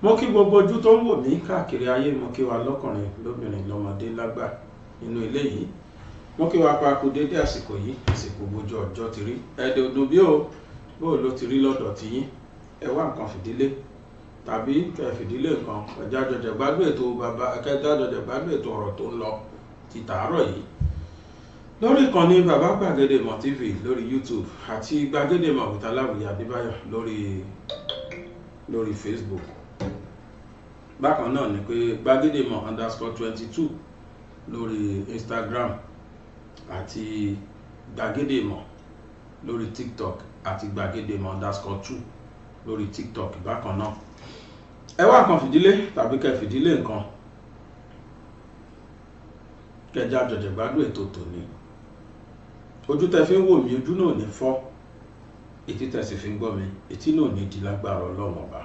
mo kí gbogbo ojú tó ń wò mí káàkiri ayé mo kí wa lọ́kùnrin lóbìnrin lọ́mọdé lágbà nínú ilé yìí mo kí wa pa kú dédé àsìkò yìí àsìkò gbójú ọjọ́ ti rí ẹ̀ẹ́dẹ̀ odò bí o bó o ló ti rí lọ́dọ̀ ti yín ẹ wá nǹkan fìdílé tàbí kẹ́ fìdílé nǹkan ẹ̀já jọjẹ̀ gbádùn ètò bàbá ẹ̀kẹ́já jọjẹ̀ gbádùn ètò ọ̀rọ̀ tó ń lọ ti tàárọ̀ yìí lórí ìkànnì bàbá gbàgede mọ̀ tv lórí youtube àti gbàgede mọ̀ wìtàláwìyà adébáyọ̀ lórí lórí facebook bákan náà ni pé gbàgédèmọ̀ underscore twenty two lórí instagram àti gbàgédèmọ̀ lórí tiktok àti gbàgédèmọ̀ underscore two lórí tiktok bákan náà ẹ wá nǹkan fìdílé tàbí kẹ fìdílé nǹkan kẹjá jọjẹ gbádùn ètò tòní ojú tẹ fi ń wò mí ojú náà ní fọ́ etí tẹ sì fi ń gbọ́ mi etí náà ní di lágbára Ọlọ́run ọba.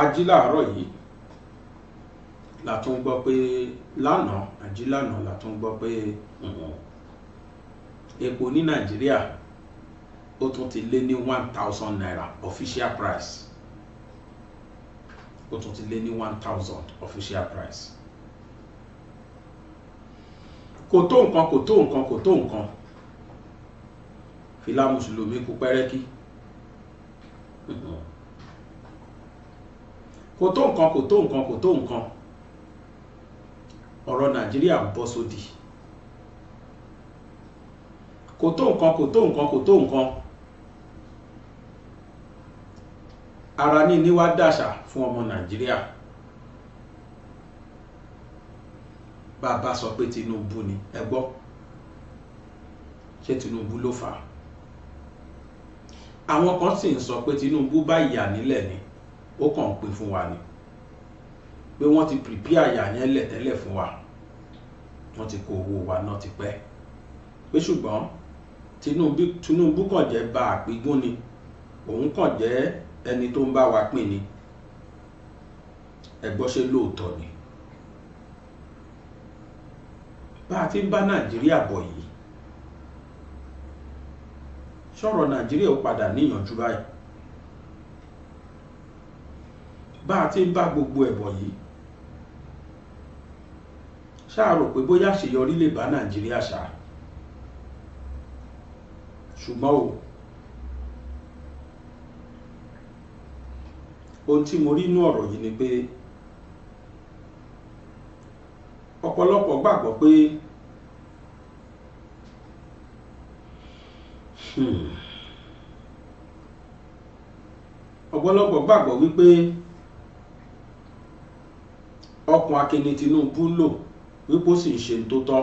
ají làárọ̀ yìí la tún gbọ́ pé lánàá ají lánàá la tún gbọ́ pé epo ní nàìjíríà ó tún ti lé ní one thousand naira official price ó tún ti lé ní one thousand official price kò tó nǹkan kò tó nǹkan kò tó nǹkan fìlà mùsùlùmí kú pẹ́rẹ́kí kò tó nǹkan kò tó nǹkan kò tó nǹkan ọ̀rọ̀ nàìjíríà bọ́ sódì kò tó nǹkan kò tó nǹkan kò tó nǹkan ara ní ní wá dàṣà fún ọmọ nàìjíríà bàbá sọ pé tinubu ni ẹ gbọ́ ṣé tinubu ló fà á àwọn kan sì ń sọ pé tinubu bá ìyà nílẹ̀ ni ó kàn pè fún wa ni pé wọ́n ti prepare àyà yẹn lẹ̀ tẹ́lẹ̀ fún wa wọ́n ti kó owó wa náà ti pẹ́ pé ṣùgbọ́n Tinubu kàn jẹ́ bá àpigún ni òun kàn jẹ́ ẹni tó ń bá wa pín ni ẹgbọ́n ṣe lóòótọ́ ni bá a ti ń bá Nàìjíríà bọ̀ yìí sọ̀rọ̀ Nàìjíríà ó padà níyànjú báyìí bá a ti ń bá gbogbo ẹ̀bọ̀ yìí ṣáà rò pé bóyá orile lè bá nàìjíríà ṣá ṣùgbọ́n o ohun tí mo rí inú ọ̀rọ̀ yìí ni pé ọ̀pọ̀lọpọ̀ gbàgbọ́ pé hmm, ọ̀pọ̀lọpọ̀ gbàgbọ́ wípé. ọkùn akíní Tinubu lò wípé ó sì ń ṣe tó tọ́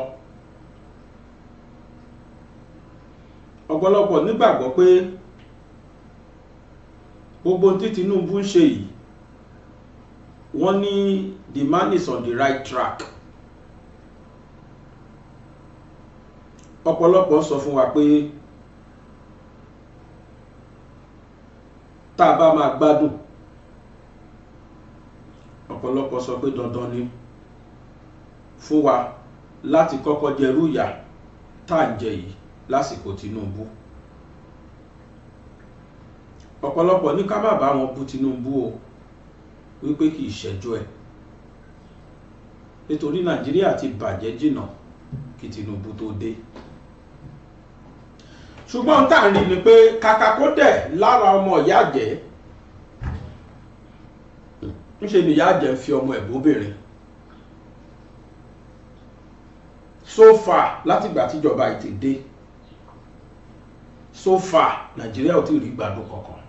ọ̀pọ̀lọpọ̀ nígbàgbọ́ pé gbogbo tí Tinubu ń ṣe yìí wọ́n ní the man is on the right track ọ̀pọ̀lọpọ̀ sọ fún wa pé tá a bá máa gbádùn ọ̀pọ̀lọpọ̀ sọ pé dandan ni fún wa láti kọ́kọ́ jẹrú ìyà tá à ń jẹ yìí lásìkò Tinubu ọ̀pọ̀lọpọ̀ ní ká má bá wọn bú Tinubu o wípé kì í ṣẹjọ́ ẹ̀ nítorí Nàìjíríà ti bàjẹ́ jìnnà kí Tinubu tó dé ṣùgbọ́n tá à ń rí ni pé kàkà kó dẹ̀ lára ọmọ ìyá jẹ́ ńṣe ni ìyá àjẹ́ ń fi ọmọ ẹ̀bùn obìnrin so far látìgbà tíjọba ètè dé so far nàìjíríà ò tí ì rí gbádùn kankan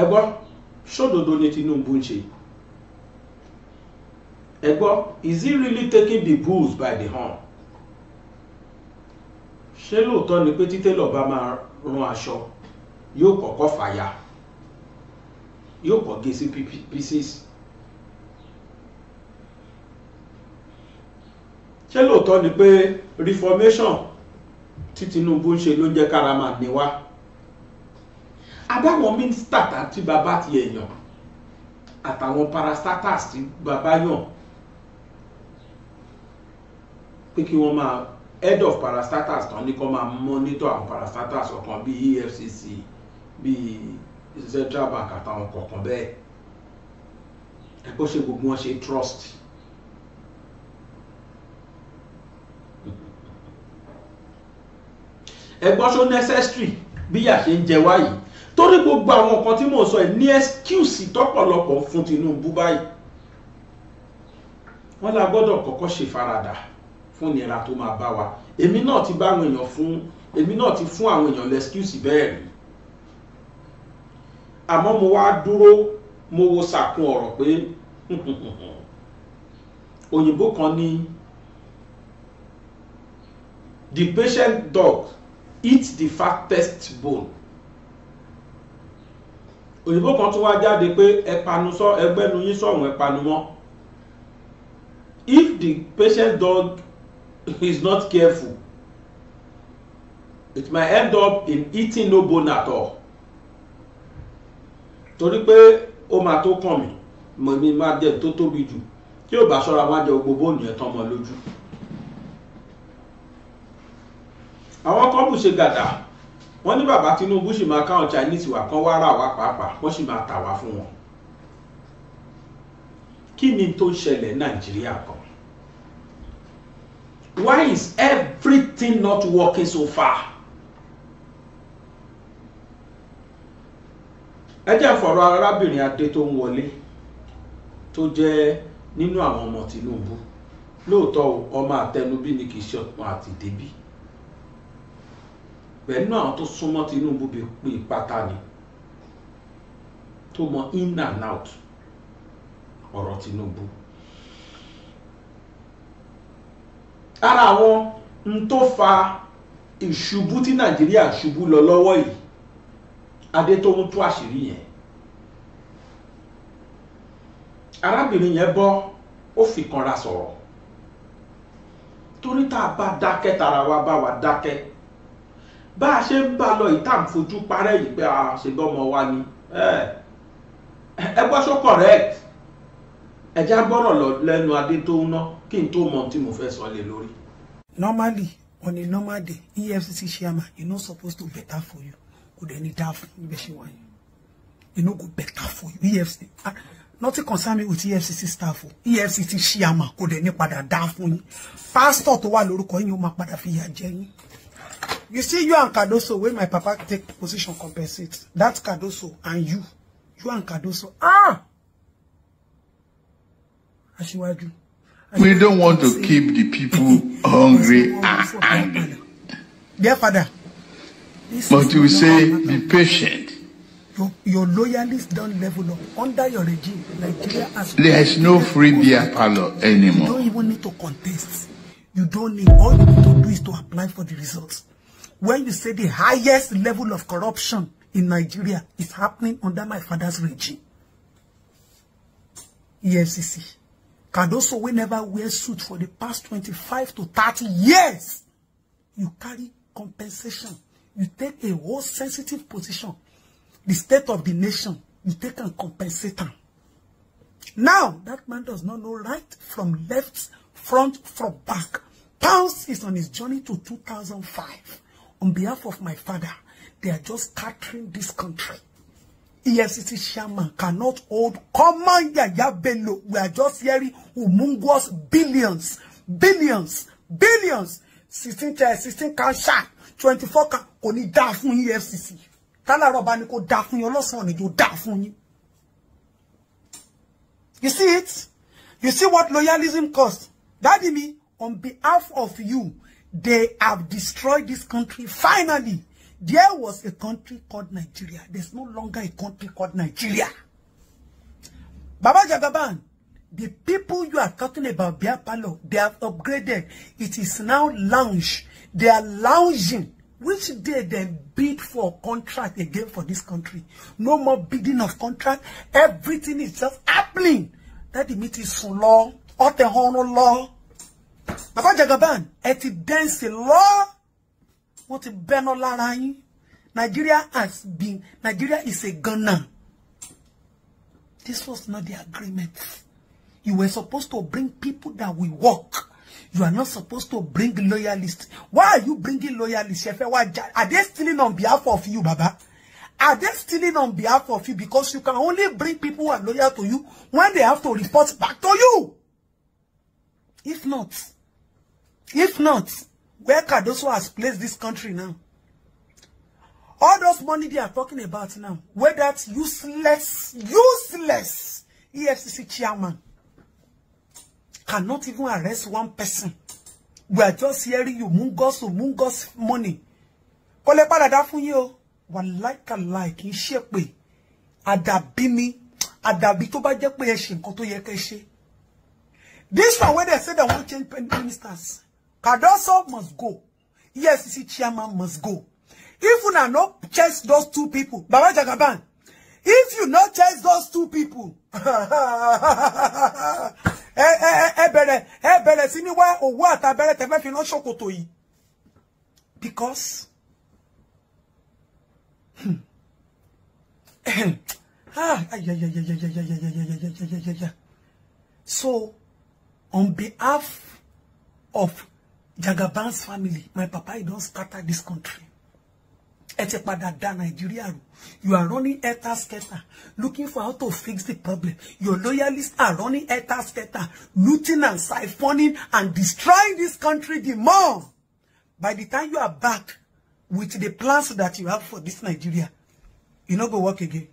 ẹ gbọ́ sódodo ni Tinubu ń ṣe ẹ gbọ́ is he really taking the bulls by the horn ṣé lóòótọ́ ni pé títẹ́lọ̀ bá máa rán aṣọ yóò kọ́kọ́ fàya yóò kọ́ gé sí pieces. ṣé lóòótọ́ ni pé reformation tí Tinubu ń ṣe ló ń jẹ́ kára máa ní wá adáwọn mínísítà tí bàbá ti èèyàn àtàwọn parastatals tí bàbá yàn pé kí wọ́n máa head of parastatals tán ní kó máa monitor àwọn parastatals ọ̀kan bíi EFCC bíi central bank àtàwọn kọ̀ọ̀kan bẹ́ẹ̀ ẹ kó ṣe gbogbo wọn ṣe trust ẹgbọ́n ṣó necessary bí yà ṣe ń jẹ wáyìí torí gbogbo àwọn nǹkan tí mò ń sọ ẹ̀ ní excuse tọ́pọ̀lọpọ̀ fún Tinubu báyìí wọ́n la gbọ́dọ̀ kọ́kọ́ ṣe faradà fún ìnira tó máa bá wa èmi náà ti bá àwọn èèyàn fún èmi náà ti fún àwọn èèyàn lẹ́skúùsì bẹ́ẹ̀ rí àmọ́ mo wá dúró mo wo sàkún ọ̀rọ̀ pé òyìnbó kan ní the patient dog eat the fattest bone òyìnbó kan tún wá jáde pé ẹpanu sọ ẹgbẹ́nu yín sọ̀rùn ẹpanu mọ́ if the patient dog is not careful it might end up in eating no bone at all torí pé ó máa tó kàn mí mọ̀ mi máa jẹ́ tó tóbi jù tí ò bá ṣọ́ra máa jẹ gbogbo bóònù tán mọ́ lójú. àwọn kọ́ọ̀bù ṣe gàdà wọ́n ní bàbá Tinubu sì máa káwọn Chinese wà kán wá rà wá pàápàá wọ́n sì máa tà wá fún wọn. kí ni tó ṣẹlẹ̀ Nàìjíríà kan why is everything not working so far? ẹ jẹ́ arábìnrin adé tó ń wọlé tó jẹ́ nínú àwọn ọmọ tìǹbù lóòótọ́ ọmọ àtẹnubí ni kì í ṣe ọmọ àtìdébí pẹ̀lú àwọn tó súnmọ́ tìǹbù bí pé pátá ni tó mọ in and out ọ̀rọ̀ tìǹbù ara àwọn n tó fa ìṣubú tí Nàìjíríà ṣubú lọ lọ́wọ́ yìí Adétóun tú àṣírí yẹn arábìnrin yẹn bọ́ ó fi kanra sọ̀rọ̀ torí tá a bá dákẹ́ tara wa bá wa dákẹ́ bá a ṣe ń bá lọ ìta ń fojú parẹ́ yìí pé a ṣe gbọ́mọ wa ni eh, ẹ gbọ́ sọ correct ẹ gbọ́rọ̀ lọ lẹ́nu Adétóun ná kí n tó mọ tí mo fẹ́ sọ lé lórí. normally on a normal day EFCC chairman you no suppose to better for you Could any ní dáa fún You ṣe wáyé e go better for you EFCC nothing concern me with EFCC staff EFCC ṣíàmà Could any ní padà dáa fún yín pásítọ̀ tó wà lórúkọ yín ó máa padà fi yà you see you and Cardoso When my papa take position compensate that Cardoso and you you and Cardoso ah aṣíwájú. we don't want to keep the people hungry and angry. dear father but you say, be patient. Your, your loyalists don't level up. Under your regime, Nigeria has... There is no free beer parlor anymore. You don't even need to contest. You don't need... All you need to do is to apply for the results. When you say the highest level of corruption in Nigeria is happening under my father's regime. EFCC. Cardoso, we never wear suit for the past 25 to 30 years. You carry compensation you take a whole sensitive position. The state of the nation, you take and compensate them. Now, that man does not know right from left, front, from back. Pounce is on his journey to 2005. On behalf of my father, they are just scattering this country. EFCC chairman cannot hold common Yaya Bello. We are just hearing humongous billions, billions, billions. 16 chair, 16 cash twenty four ka kò ní dáa fún yín EFCC tálàrọ̀ bá ní kò dáa fún yín ọlọ́sàn-án nìjọ dáa fún yín you see it you see what loyalism cost Daddy me, on behalf of you they have destroyed this country finally there was a country called Nigeria there's no longer a country called Nigeria Baba Jagaban the people you are talking about Bia they have upgraded it is now lounge They are lounging. Which day they bid for a contract again for this country? No more bidding of contract. Everything is just happening. That the meeting is so long. Ọ̀tẹ̀ ọ̀run lọ. Bàbá Jagaban, ẹ ti dẹ́ǹsì lọ. Wọ́n ti bẹ́ná lára yín. Nigeria has been, Nigeria is a gunner. This was not the agreement. You were supposed to bring people that will work. You are not supposed to bring loyalists. Why are you bringing loyalists? Are they stealing on behalf of you, Baba? Are they stealing on behalf of you? Because you can only bring people who are loyal to you when they have to report back to you. If not, if not, where Cardoso has placed this country now? All those money they are talking about now, where that useless, useless EFCC chairman cannot even arrest one person. We are just hearing you, Mungos, Mungos money. Kò lè padà fún yín o. Wallahi kàláì kì í ṣe pé. Àdàbí ni. ba tó bá koto pé ẹ This one where they say they want to change ministers. Cardoso must go. EFCC chairman must go. If una not chase those two people, Baba Jagaban, if you not chase those two people ẹ ẹ ẹ bẹ̀rẹ̀ ẹ bẹ̀rẹ̀ sí ní wá owó àtàbẹ̀rẹ̀ tẹ́fẹ́ fi rán ṣòkòtò yìí because so on behalf of Jagaban's family my papa he don scatter this country ẹ ti padà da nàìjíríà rú you are running helter skelter looking for how to fix the problem your loyalists are running helter skelter looting and siphoning and destroying this country the more by the time you are back with the plans that you have for this nigeria you no go work again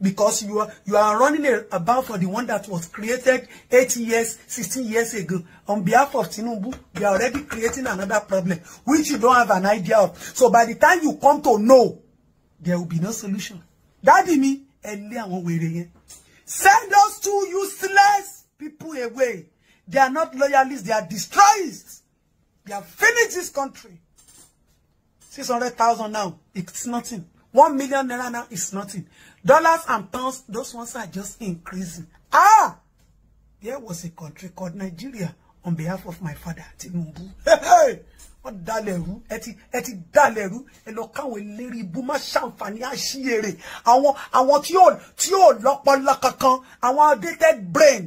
because you are you are running about for the one that was created eight years 16 years ago on behalf of Tinubu you are already creating another problem which you don't have an idea of so by the time you come to know there will be no solution dadi me ẹ and àwọn wèrè yẹn send those two useless people away they are not loyalists they are destroyers they have finished this country six hundred thousand now it's nothing One million naira now is nothing. Dollars and pounds, those ones are just increasing. Ah! There was a country called Nigeria on behalf of my father, Tinubu. Hey! Wọ́n dalẹ̀ rú, eti ti ẹ ti dalẹ̀ rú, ẹ lọ káwọn eléré ibú má ṣàǹfààní àṣìyèrè. Àwọn àwọn tí ò tí ò lọ́pọlọ kankan, àwọn outdated brain,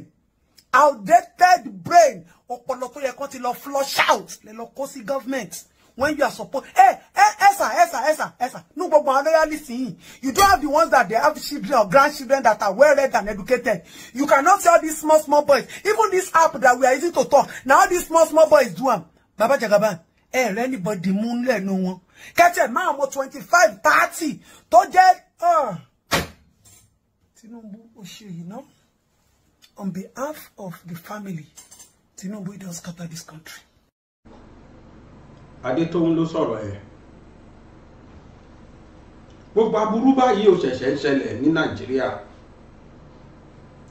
outdated brain, ọpọlọ tó yẹ kán ti lo flush out, lè lọ government when you are supposed hey esa esa esa esa no gbogbo àwọn loyalists yìí you don't have the ones that they have children or grandchildren that are well read and educated you cannot tell these small small boys even this app that we are using to talk now, these small small boys do them. baba jagaban ẹ eh, rẹ anybody mú no one. kẹtẹ máa mọ twenty five thirty tó jẹ ah. Tinubu ó ṣe yìí on behalf of the family Tinubu does scatter this country adétóhun ló sọ̀rọ̀ ẹ̀ gbogbo aburú báyìí ò ṣẹ̀ṣẹ̀ ń ṣẹlẹ̀ ní nàìjíríà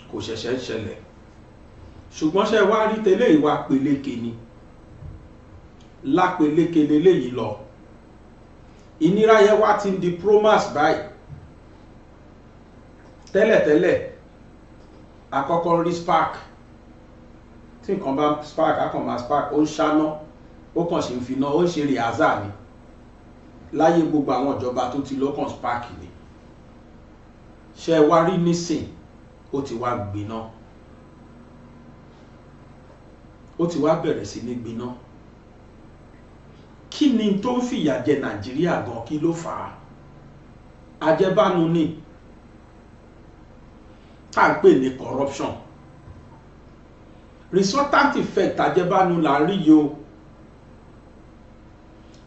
kò ṣẹ̀ṣẹ̀ ń ṣẹlẹ̀ ṣùgbọ́n ṣe wá rí tẹ́lẹ̀ ìwà peléke ni lápeléke leléyìí lọ ìnira yẹn wá ti di promax báyìí tẹ́lẹ̀tẹ́lẹ̀ àkọ́kọ́ rí spark tí nǹkan bá spark a spark ó ń ṣáná ó kàn ṣe ń fi náà ó ń ṣe rìhásà ni láyé gbogbo àwọn ìjọba tó ti lọ́kàn spark ni ṣe wá rí nísìn ó ti wá gbiná ó ti wá bẹ̀rẹ̀ sí ní gbiná kí ni tó ń fìyà jẹ nàìjíríà gan kí ló fà á ajẹ́bánu ni tá à ń pè ní corruption resultant effect ajẹ́bánu là ń rí yìí o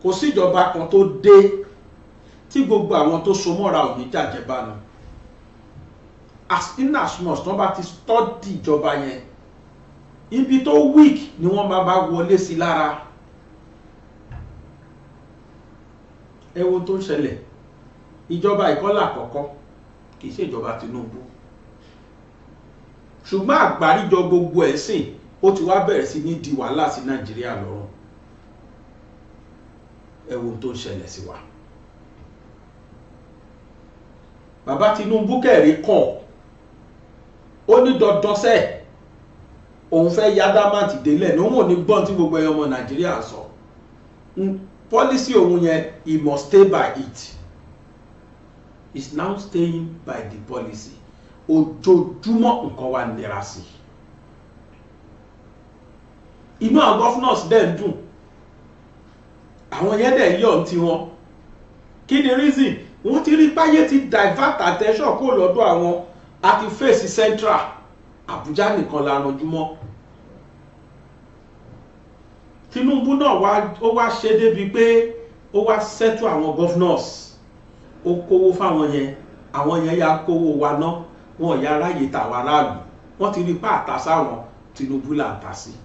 kò sí ìjọba kan tó dé tí gbogbo àwọn tó so mọ́ra ò ní jàjẹ̀bánu as in as much wọ́n bá ti tọ́dì ìjọba yẹn ibi tó weak ni wọ́n máa bá wọlé sí lára ẹ wo tó ń ṣẹlẹ̀ ìjọba ìkọ́lá àkọ́kọ́ kì í ṣe ìjọba Tinubu ṣùgbọ́n àgbáríjọ gbogbo ẹ̀ sìn ó ti wá bẹ̀rẹ̀ sí ní di wàhálà sí Nàìjíríà lọ́rùn ẹ wo ohun tó ń ṣẹlẹ̀ sí wa bàbá Tinubu kẹ̀rí kàn ó ní dandan sẹ́ẹ̀ òun fẹ́ ya dámàtì délẹ̀ ní òun ò ní gbọ́n tí gbogbo ọmọ Nàìjíríà sọ policy òun yẹn he must stay by it he is now staying by the policy ojoojúmọ́ nǹkan wa nira sí i inú àwọn gọ́fúnọ̀sì dẹ̀ ń dùn àwọn yẹn dẹ̀ yọ̀ ní tiwọn kí ni reason wọ́n ti rí páyé ti divert attention kó lọ́dọ̀ àwọn àti fèsì central Àbújá nìkan la Tinubu náà wá ó wá ṣe débi pé ó wá settle àwọn governors ó kówó fáwọn yẹn àwọn yẹn ya kówó wa náà wọn ò yá ráyè tàwa aráàlú wọ́n ti rí pa àtàsáwọn Tinubu là ń ta sí i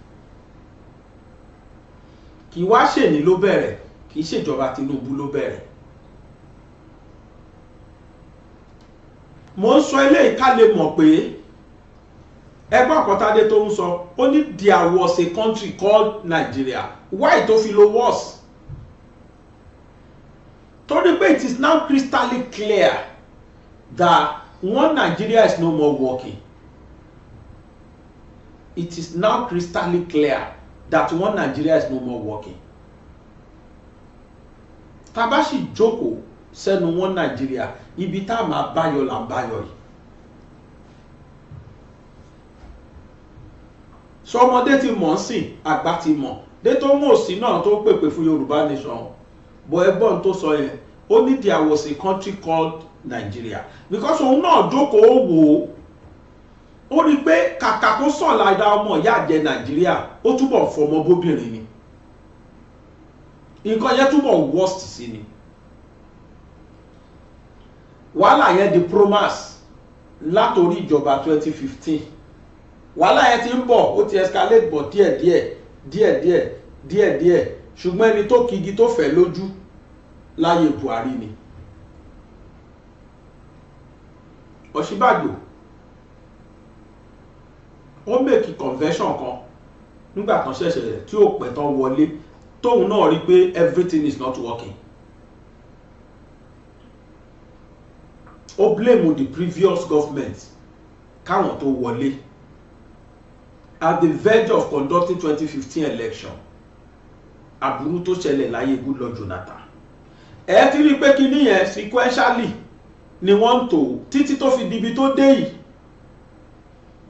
kì í wá ṣèní ló bẹ̀rẹ̀ kì í ṣèjọba Tinubu ló bẹ̀rẹ̀ mo ń sọ eléyìí ká lè mọ̀ pé ẹgbẹ́ àkọ́tadé tó ń sọ ó ní there was a country called Nigeria why tó fi lo was torí pé it is now crystal clear that one Nigeria is no more working it is now crystal clear that one Nigeria is no more working Tabashi Joko said, "No one Nigeria, wọn Nàìjíríà ibi tá a máa báyọ̀ là ń báyọ̀ yìí sọ ọmọdé ti mọ̀ ń sìn àgbà ti mọ̀ dé tó mú òsì náà tó pèpè fún Yorùbá nation bọ̀ ẹgbọ́n tó sọ yẹn ó ní there was a country called Nigeria because òun náà jókòó wò ó rí i pé kàkà kó sàn lára ọmọ ìyá àjẹ nàìjíríà ó túbọ̀ fọmọ bóbìnrin ni nǹkan yẹn túbọ̀ worst sí ni wàhálà yẹn di promas látòrí ìjọba 2015 wàhálà yẹn ti ń bọ̀ ó ti escalate bọ̀ díẹ̀díẹ̀ díẹ̀díẹ̀ díẹ̀díẹ̀ ṣùgbọ́n ẹni tó kigi tó fẹ̀ lójú láyé buhari ni ọ̀ṣíbàjò wọ́n mèkì convention kan nígbà kan ṣẹ̀ṣẹ̀ rẹ̀ tí ó pẹ́ tán wọlé tóun náà rí pé everything is not working ó blame the previous government káwọn tó wọlé at the verge of conducting 2015 election aburú tó ṣẹlẹ̀ láyé Goodluck Jonathan ẹ ti rí i pé kinní yẹn sequentially ni wọ́n ń tò títí tó fi dibi tó dé yìí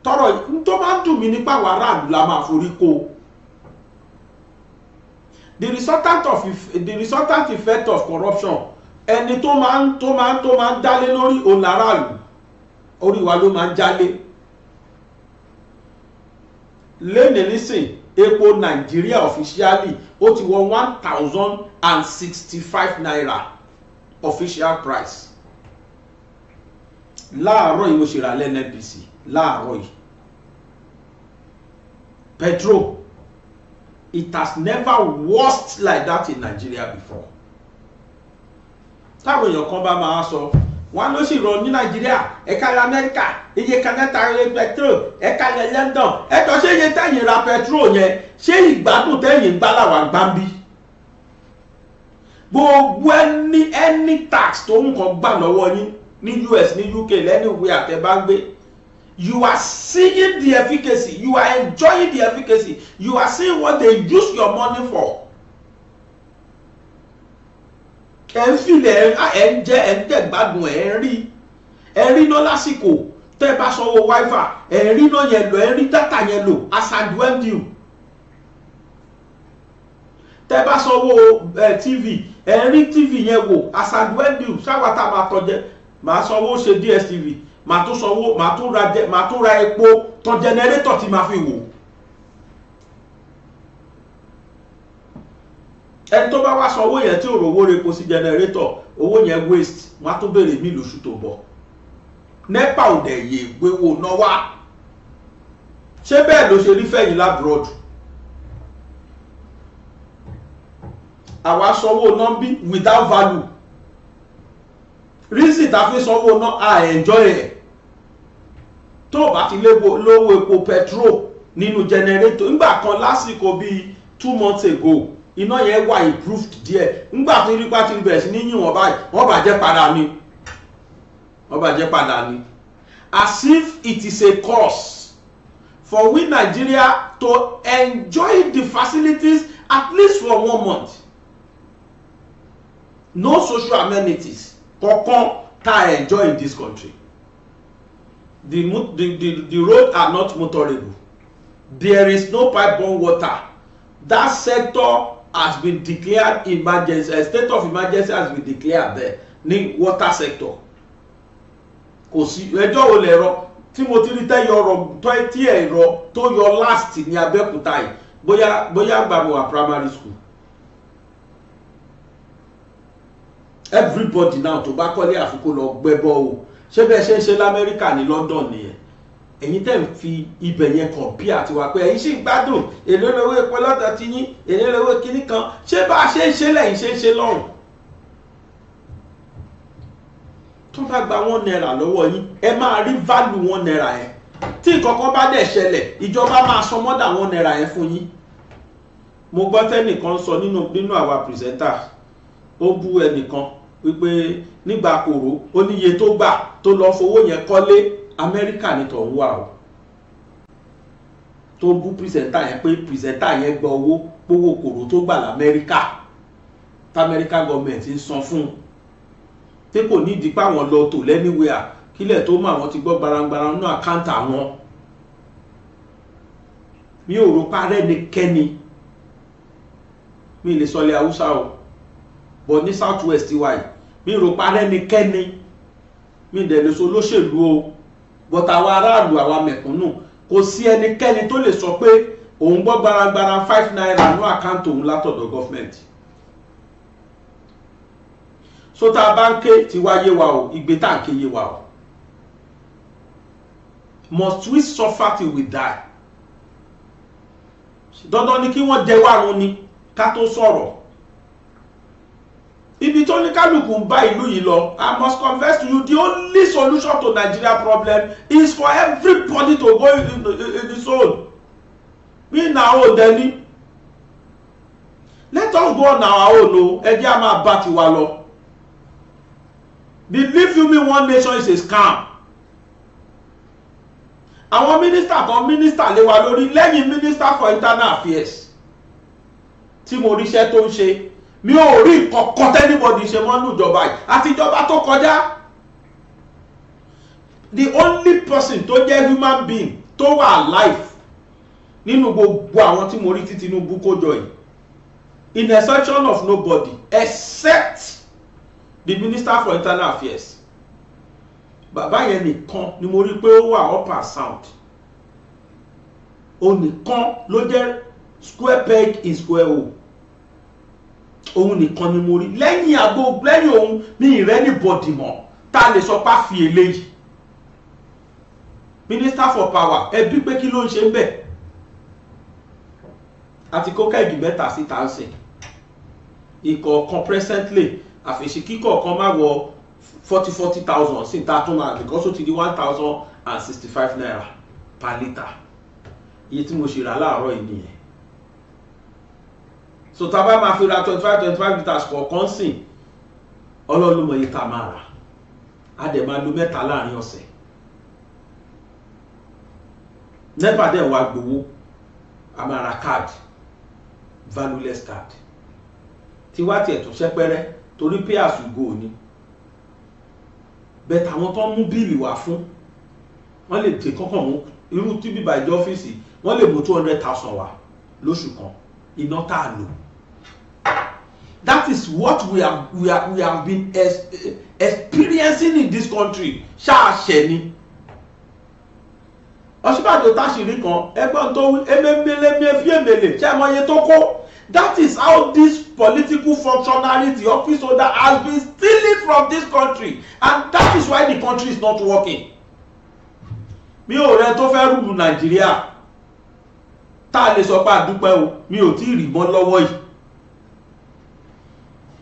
tọrọ yìí tó máa ń dùn mí nípa àwọn la máa forí kó the resultant of the resultant effect of corruption ẹni tó máa ń tó máa ń tó máa ń dálé lórí òun láràlú orí wa ló máa ń jálé lẹ́nìí nísìn epo nàìjíríà officially ó ti wọ one thousand and sixty-five naira official price láàárọ̀ yìí mo ṣe rà lẹ́nu NNPC láàárọ̀ yìí petrol it has never worst like that in Nigeria before táwọn èèyàn kan bá máa sọ wọn ló sì rọ ní Nàìjíríà ẹ̀ka ilẹ̀ Amẹ́ríkà iye kan náà ilé petrol ẹ̀ka ilẹ̀ London ẹ̀tọ́ ṣé iye tẹ̀yìn ra petrol yẹn ṣé ìgbádùn tẹ̀yìn gbá làwọn gbáǹbí gbogbo ẹni ẹni tax tó ń kàn gbà lọ́wọ́ yín ní US ní UK lẹ́nu ìwé àtẹ̀bá ń gbé you are seeing the efficacy you are enjoying the efficacy you are seeing what they use your money for ẹ ń filẹ̀ ẹ ń jẹ́ ẹ ń tẹ̀gbádùn ẹ ń rí ẹ ń rí náà lásìkò tẹ́ bá sanwó wáífà ẹ ń rí náà yẹn lò ẹ ń rí dátà yẹn lò aṣáájú mdu tẹ́ bá sanwó tv ẹ ń rí tv yẹn wò aṣáájú mdu sáwà tá a máa tọ́jẹ́ màá sanwó ṣe dstv màá tún sanwó màá tún ra epo tan jẹnẹrétọ̀ tí màá fi wò ẹni tó bá wá san owó yẹn tí ò rówó repo sí jẹnẹrétọ̀ owó yẹn waste wọn á tún béèrè mí lóṣù tó bọ̀ nepa ò dẹ̀ yé gbéwò náà wá ṣé bẹ́ẹ̀ ló ṣe rí fẹ̀yìn lábúrọ̀dù àwa sanwó nọ́mbí without value reason tá a fi sanwó náà a enjoy ẹ̀ tó o bá ti lówó epo petrol nínú generator nígbà kan lásìkò bíi two months ago iná yẹn wà improved díẹ̀ nígbà tó nípa ti bẹ̀rẹ̀ sí ní yìn wọ́n báyìí wọ́n bàjẹ́ padà ni wọ́n bàjẹ́ padà ni as if it is a cause for we Nigeria to enjoy the facilities at least for one month no social amenities kankan ta enjoy in this country the, the, the, the roads are not motorable. There is no pipe-borne water. That sector has been declared emergency. A state of emergency has been declared there ní water sector. Kò sí ẹjọ́ wo lè rọ tí mo ti rí tẹ́yọ ọ̀rọ̀ tí tó yọ last ní Abẹ́òkúta yìí bóyá bóyá gbà mo primary school. Everybody now tó bá kọ́lé àfikún lọ gbẹ́bọ́ o ṣé bẹ́ẹ̀ ṣe ń ṣe lamẹ́ríkà ní London nìyẹn ẹ̀yin tẹ́ ń fi ibẹ̀ yẹn kàn bí àtiwá pé ẹ̀yin sì ń gbádùn èlé lówó epo lọ́dọ̀ ti yín èlé lówó kinní kan ṣé bá a ṣe ń ṣe lẹ́yìn ṣe ń ṣe lọ́rùn tó bá gba one naira lọ́wọ́ yín ẹ máa rí value one naira yẹn tí nǹkan kan bá dẹ̀ ṣẹlẹ̀ ìjọba máa san mọ́dà one naira yẹn fún yín mo gbọ́ tẹ́nìkan sọ nínú nínú àwa pìrìsẹ́ńtà ó bú ẹnìkan wípé nígbà kòrò ó níye tó gbà tó lọ fowó yẹn kọ́lé amẹ́ríkà ní tọ̀hún wà o tó bú pìrìsẹ̀ntà yẹn pé pìrìsẹ̀ntà yẹn gba owó gbowó kòrò tó gbà lamẹ́ríkà tamẹ́ríkà gọọmẹ̀ntì ń san fún un pé kò nídìí páwọn lọ tò lẹ́níwẹ̀ẹ́ kílẹ̀ tó mọ̀ àwọn ti gbọ́ gbarangbara nínú àkáǹtà wọn mi ò rò parẹ́ ni kẹ́ni mi lè sọlẹ̀ haúsá o but ní south west wa yìí mi rò parẹ́ ni kẹ́ni mi dẹ̀ lè so olóṣèlú o but àwa aráàlú àwa mẹ̀kúnnù kò sí ẹnikẹ́ni tó lè sọ pé òun gbọ́ gbaragbara five naira ní àkáǹtì òun látọ̀dọ̀ gọ́fìmẹ̀ntì so tá a bá ń ké tiwa yé wa o ìgbé tá à ń ké wa o must we suffer till we die dandan ni kí wọ́n jẹ wá run ni ká tó sọ̀rọ̀ ibi tó ní kálukú ń bá ìlú yìí lọ i must confess to you the only solution to nigeria problem is for everybody to go in, in, in his own we na our deni let us go on our own o oh. ẹ jẹ́ a máa bá tiwa lọ believe you me one nation is a scam àwọn minister kan minister, lé wa lórí lẹ́yìn minister for internal affairs tí mo ríṣẹ́ tó ń ṣe mi ò rí nǹkankan tẹ́nibọ̀dì ṣe mọ́ nù ìjọba yìí àti ìjọba tó kọjá the only person tó jẹ́ human being tó wà alive nínú gbogbo àwọn tí mo rí tí Tinubu kó jọ yìí in exception of nobody except the minister for internal affairs bàbá yẹn nìkan ni mo rí pé ó wà upper sound òun nìkan ló jẹ́ square peg in square hole òun nìkan ni mo rí lẹ́yìn àgbo lẹ́yìn òun ní ìrẹ́ ní bọ̀dì mọ́ tá a lè sọ pá fi eléyìí minister for power ẹbí pé kí ló ń ṣe ń bẹ̀ àti kókẹ́ẹ̀dì mẹ́ta síta ń sìn ìkọ̀ọ̀kan presently àfẹ̀sí kíkọ̀ọ̀kan má wọ forty forty thousand síta tó máa because ó ti di one thousand and sixty five naira per litre iye tí mo ṣe rà láàárọ̀ yìí nìyẹn so tá a bá máa fi ra twenty five twenty five litres kọ̀ọ̀kan sìn ọlọ́run mọ iye tá a máa rà á dẹ̀ máa lo mẹ́ta láàrin ọ̀sẹ̀ nepa dẹ̀ wá gbowó a máa ra card valueless card tiwa tiẹ̀ tún ṣẹ́pẹ́rẹ́ torí pay as you go ni bẹ́ẹ̀ tàwọn tó ń mú bíìlì wá fún wọ́n lè tè kọ́kàn mú irú tí bíbá ìjọ ọ́fíìsì wọ́n lè mú two hundred thousand wá lóṣù kan iná tá a lò that is what we have we have we have been ex experiencing in this country ṣáàṣẹ ni ọsibàjò táṣìírí kan ẹgbọn tó ememele fi emele tó kó that is how this political functionary the office holder has been stealing from this country and that is why the country is not working mi ò rẹ tó fẹ́ rúlu nàìjíríà tá a lè sọ pé àdúpẹ́ o mi ò tí ì rí mọ́ lọ́wọ́ yìí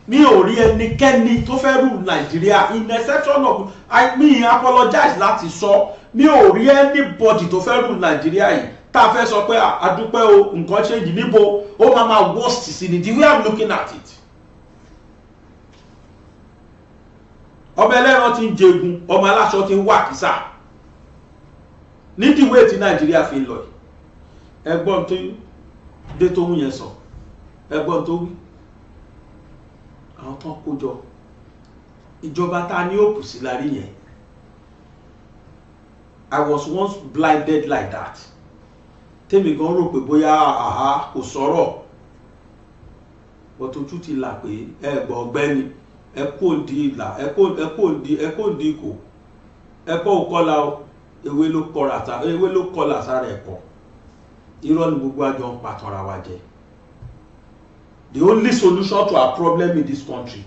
mi ò rí ẹnikẹ́ni tó fẹ́ rú nàìjíríà in exception of i mean apologize láti sọ mi ò rí anybody tó fẹ́ rú nàìjíríà yìí tá a fẹ́ sọ pé àdúpẹ́ ah, o nǹkan change níbo ó máa ma worst sí ni the way i'm looking at it. ọba ẹlẹ́ran ti ń jẹgun ọmọ aláṣọ ti ń wà kísà nídìíwé tí nàìjíríà fi lọ ẹgbọ́n tó dé tó ń yẹn sọ tó wí. àwọn tán kó ìjọba ta ní òpù sí lárí yẹn i was once blinded like that tèmi gan rò pé bóyá àhá kò sọ̀rọ̀ bọ́tò ojú ti là pé ẹ gbọ́ ọgbẹ́ni ẹ kò di ìlà ẹ kò di ẹ kò di ìkò ẹ kọ́ òkọ́la ewé ló kọ́ làsára ẹ̀kọ́ irọ́ ni gbogbo àjọ ń pàtàkì ara wa jẹ́ the only solution to our problem in this country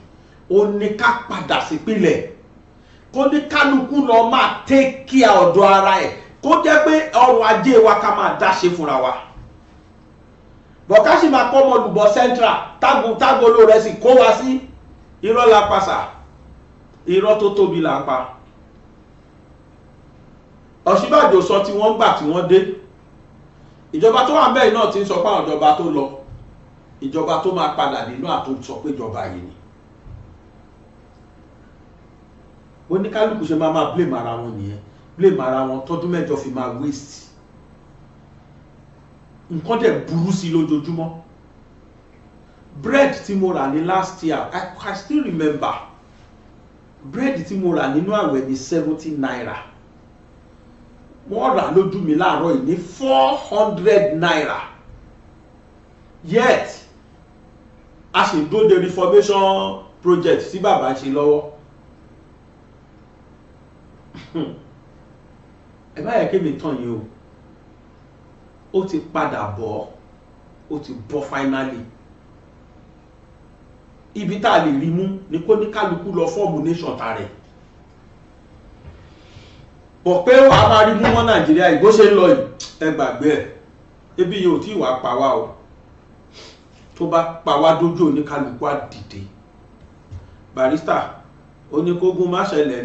ó ní ká padà sípìlẹ̀ kó ní kálukú lọ máa take care ọ̀dọ̀ ara ẹ̀ kó jẹ́ pé ọrọ̀ ajé wa ká máa dáṣe fúnra wa bọ̀ká sì máa kọ́ ọmọlùbọ̀ central tágo tágolo rẹ̀ sì kó wa sí irọ́ la pa sà irọ́ tó tóbi là ń pa Ọ̀ṣínbàjò sọ tí wọ́n gbà tí wọ́n dé ìjọba tó wà ń bẹ́ẹ̀ náà ti ń sọ pé ìjọba tó lọ ìjọba tó máa padà nínú àtúntò pé ìjọba yìí ni oníkálukú ṣe máa máa blame ara wọn nìyẹn blame ara wọn tọdún mẹ́jọ fi máa waste nǹkan dẹ̀ burú sí lójoojúmọ́ bread tí mo rà ní last year I, I still remember bread tí mo rà nínú àwẹ̀ ní seventy naira wọ́n rà lójú mi láàárọ̀ yìí ní four hundred naira yet a sì dúró de reformation project tí bàbá ṣe lọ́wọ́ ẹ bá yẹ kémi tán yìí o ó ti padà bọ̀ ó ti bọ̀ finally ibi tá a lè rí mú ni kó ní kálukú lọ fọ́ọ̀mù nation ta rẹ̀ bọ̀ pé wàá máa rí mú mọ́ nàìjíríà yìí bó ṣe ń lọ yìí ẹ gbàgbé ẹ ebi yìí ò tí ì pa wá o tó bá pa wá dójú oníkálukú á dìde barista oníkógun má ṣẹlẹ̀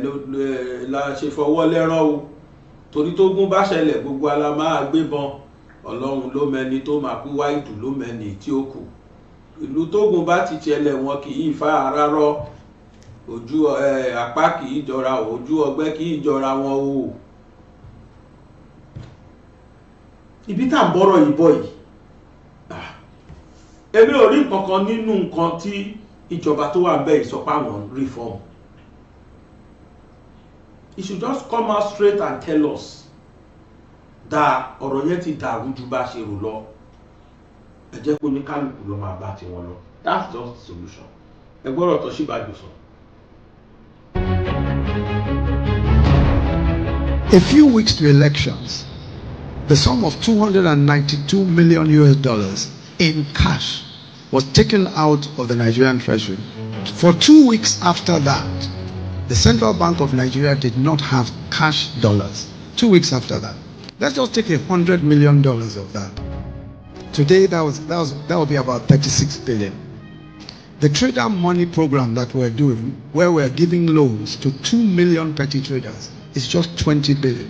la ṣe fọwọ́ lẹ́rán o torí tógun bá ṣẹlẹ̀ gbogbo ala máa gbébọn ọlọ́run ló mẹni tó máa kú wáìdù ló mẹni tí ó kù ìlú tógun bá ti ṣẹlẹ̀ wọn kì í fa ara rọ ojú apá kì í jọra ojú ọgbẹ́ kì í jọra wọn o ibi tá à ń bọ́rọ̀ yìí bọ̀ yìí èmi ò rí nǹkan kan nínú nǹkan tí ìjọba tó wà bẹ́ẹ̀ ìsọpáwọn reform it should just come out straight and tell us da ọ̀rọ̀ yẹn ti dàrú ju bá ṣe rò lọ ẹ jẹ́ pé oníkálukú ló máa bá tiwọn lọ that's just the solution ẹ gbọ́dọ̀ tó ṣíbàjò sọ. A few weeks to elections, the sum of 292 million US dollars in cash was taken out of the Nigerian treasury. For two weeks after that, the Central Bank of Nigeria did not have cash dollars. Two weeks after that. Let's just take a hundred million dollars of that. Today that was that was that would be about 36 billion. The trader money program that we're doing, where we're giving loans to two million petty traders, is just 20 billion.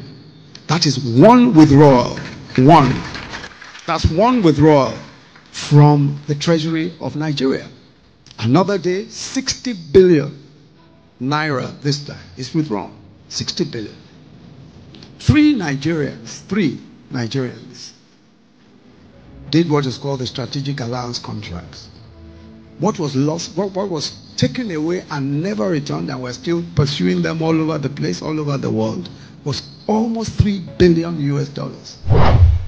That is one withdrawal. One. That's one withdrawal from the treasury of Nigeria. Another day, 60 billion naira this time is withdrawn. 60 billion. Three Nigerians, three Nigerians did what is called the strategic alliance contracts. What was lost, what, what was taken away and never returned, and we're still pursuing them all over the place, all over the world, was almost 3 billion US dollars.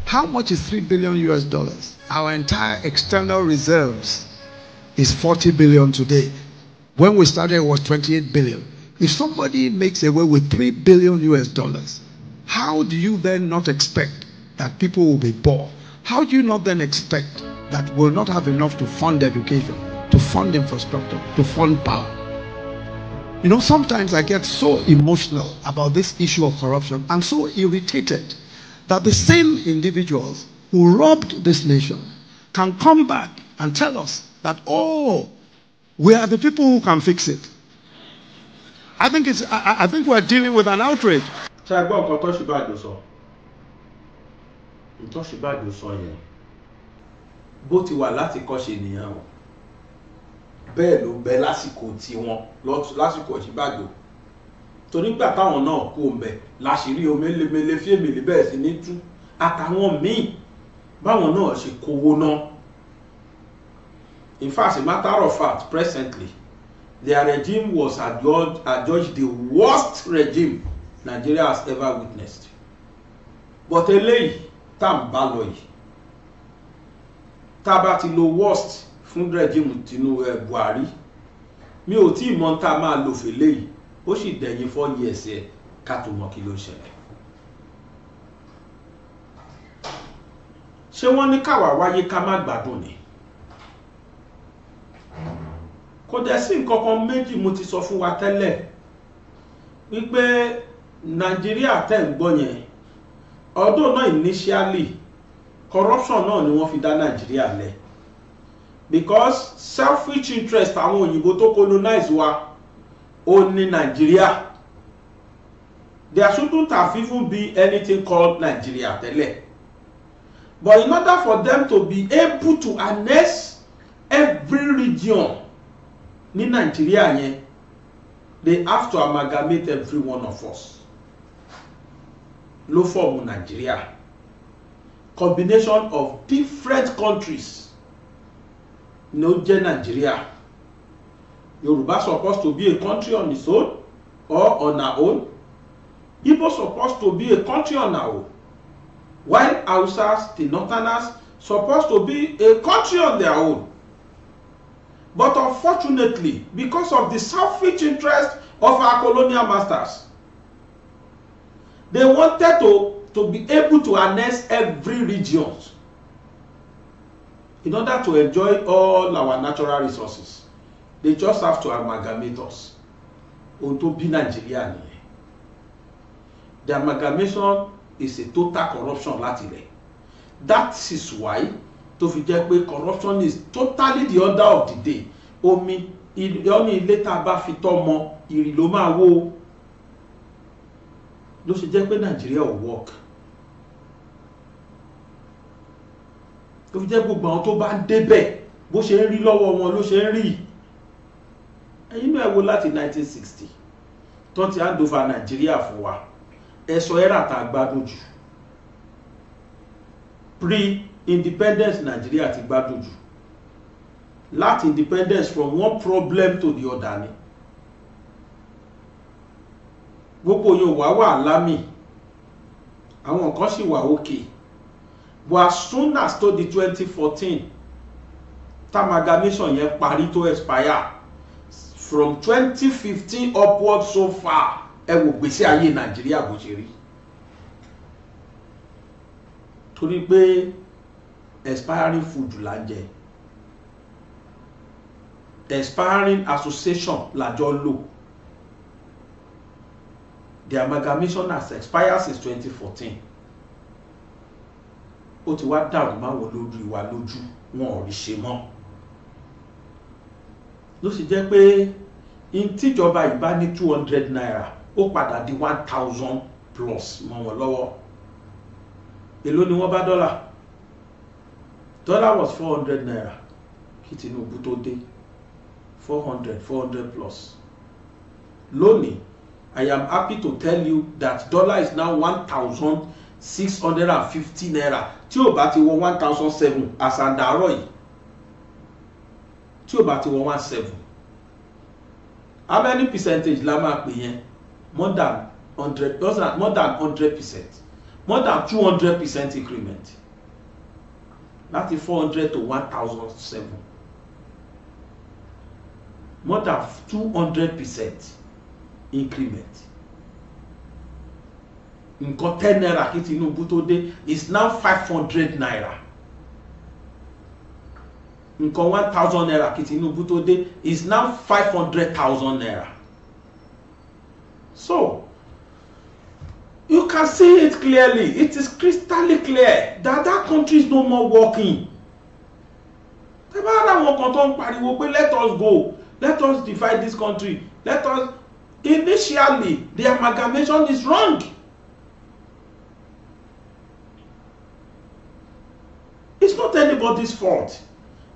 How much is 3 billion US dollars? Our entire external reserves is 40 billion today. When we started, it was 28 billion. If somebody makes away with 3 billion US dollars, how do you then not expect that people will be poor? How do you not then expect that we'll not have enough to fund education, to fund infrastructure, to fund power? You know, sometimes I get so emotional about this issue of corruption and so irritated that the same individuals who robbed this nation can come back and tell us that, oh, we are the people who can fix it. I think, it's, I, I think we're dealing with an outrage. bó ti wà láti kọ́ṣe nìyẹn o bẹ́ẹ̀ ló bẹ lásìkò tiwọn lásìkò ṣùgbàjò torí táwọn náà kú ọ̀nbẹ láṣìírí omelemele fíèmìlì bẹ́ẹ̀ sí ní tú àtàwọn míì báwọn náà ṣe kówó náà in fact a matter of fact presently their regime was adjudged, adjudged the worst regime Nigeria has ever witnessed but eléyìí tá à ń bá lọ yìí tá a bá ti lo worst fún regime Tinubu eh, Buhari mi ò tí ì mọ̀ tá a máa lò fèlè yìí ó sì dẹ̀yìn four years ẹ̀ ká tó mọ kí ló ń ṣẹlẹ̀. ṣé wọ́n ní káwa wáyé ká má gbádùn ni kò dẹ̀ sí nǹkan kan méjì mo ti sọ fún wa tẹ́lẹ̀ wípé nàìjíríà tẹ̀ ń gbọ́ yẹn ọdún náà initially corruption náà ni wọ́n fi dá nàìjíríà lẹ̀ because selfish interest àwọn òyìnbó tó colonize wa ó ní nàìjíríà there shouldn't have even been anything called nigeria tẹ́lẹ̀ but in order for them to be able to annex every region ní nigeria yẹn they have to amalgamate every one of us ló fọ́ọ̀mù nigeria combination of different countries ló jẹ́ nigeria. Yoruba supposed to be a country on its own or on our own. Igbo supposed to be a country on our own. While Hausas, the Northerners, supposed to be a country on their own. But unfortunately, because of the selfish interest of our colonial masters, they wanted to, to be able to annex every region in order to enjoy all our natural resources they just have to amalgamate us ohun tó bí nàìjíríà nìyẹn the amalgamation is a total corruption láti ilẹ̀ that is why tó fi jẹ́ pé corruption is totally the order of the day omi omi ilé tá a bá fi tọ́ mọ ìrì ló máa wó ló ṣe jẹ́ pé nàìjíríà ò work tó fi jẹ́ gbogbo àwọn tó bá ń débẹ̀ bó ṣe ń rí lọ́wọ́ wọn ló ṣe ń rí yìí ẹ̀yin náà wo láti 1960 tó ti hand over nàìjíríà fún wa ẹ̀sọ́ ẹ̀rà tá a gbádùn jù pre-independence nàìjíríà ti gbádùn jù láti independence from one problem to the other ni gbogbo yóò wá wà lámì àwọn nǹkan sì wà òkè but as soon as to the 2014 amalgamation yẹn parí tó expire from 2015 upward so far ẹ wò gbèsè ayé nàìjíríà bó ṣe rí torí pé expiring food là ń jẹ expiring association làjọ lò the amalgamation has expired since 2014. fourteen ó ti wá dàrú máwọn lójú ìwà lójú wọn ò rí ṣe mọ́ ló sì jẹ́ pé in tíjọba ìbá ní two hundred naira ó padà di one thousand plus mọ́ wọn lọ́wọ́ èló ni wọ́n bá dọ́là dọ́là was four hundred naira kí Tinubu tó dé four hundred four hundred plus lónìí I am happy to tell you that dollar is now one thousand six hundred and fifty naira tí ò bá ti wọ one thousand seven àsàndàárọ̀ yìí tí ò bá ti wọ one seven how many percentage la máa pè yẹn more than hundred more than hundred percent more than two hundred percent increment láti four hundred to one thousand seven more than two hundred percent increment nǹkan ten naira kí Tinubu tó dé is now five hundred naira nǹkan one thousand naira kí Tinubu tó dé is now five hundred thousand naira so you can see it clearly it is crystal clear that that country is no more working tẹ bá ara àwọn kan tó ń pariwo pé let us go let us divide this country let us initially the amalgamation is wrong it's not anybody's fault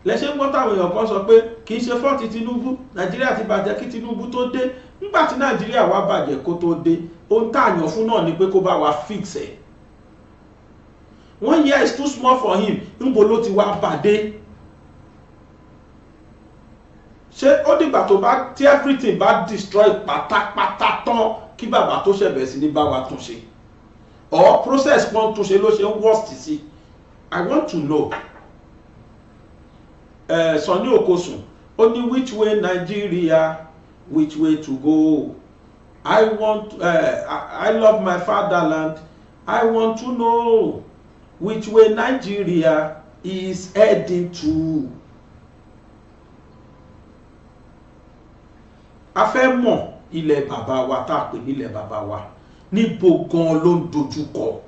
lẹ́ṣẹ́ ń gbọ́ táwọn èèyàn kan sọ pé kì í ṣe fọ́ọ̀tì Tinubu Nàìjíríà ti bàjẹ́ kí Tinubu tó dé nígbà tí Nàìjíríà wá bàjẹ́ kó tó dé ohun táàyàn fún náà ni pé kó bá wa fix ẹ̀ one year is too small for him níbo ló ti wá bàdé ṣé ó dìgbà tó bá tí everything bá destroy pátápátá tán kí bàbá tó ṣẹ̀bẹ̀ sí ní bá wa túnṣe or process kan túnṣe ló ṣe ń worst sí i want to know. Eh, Sunday Okosun ó ní which way Nigeria which way to go I want uh, I love my fatherland I want to know which way Nigeria is heading to. a fẹ́ mọ̀ ilẹ̀ bàbá wa tá a pè nílẹ̀ bàbá wa níbo gan ló ń dojú kọ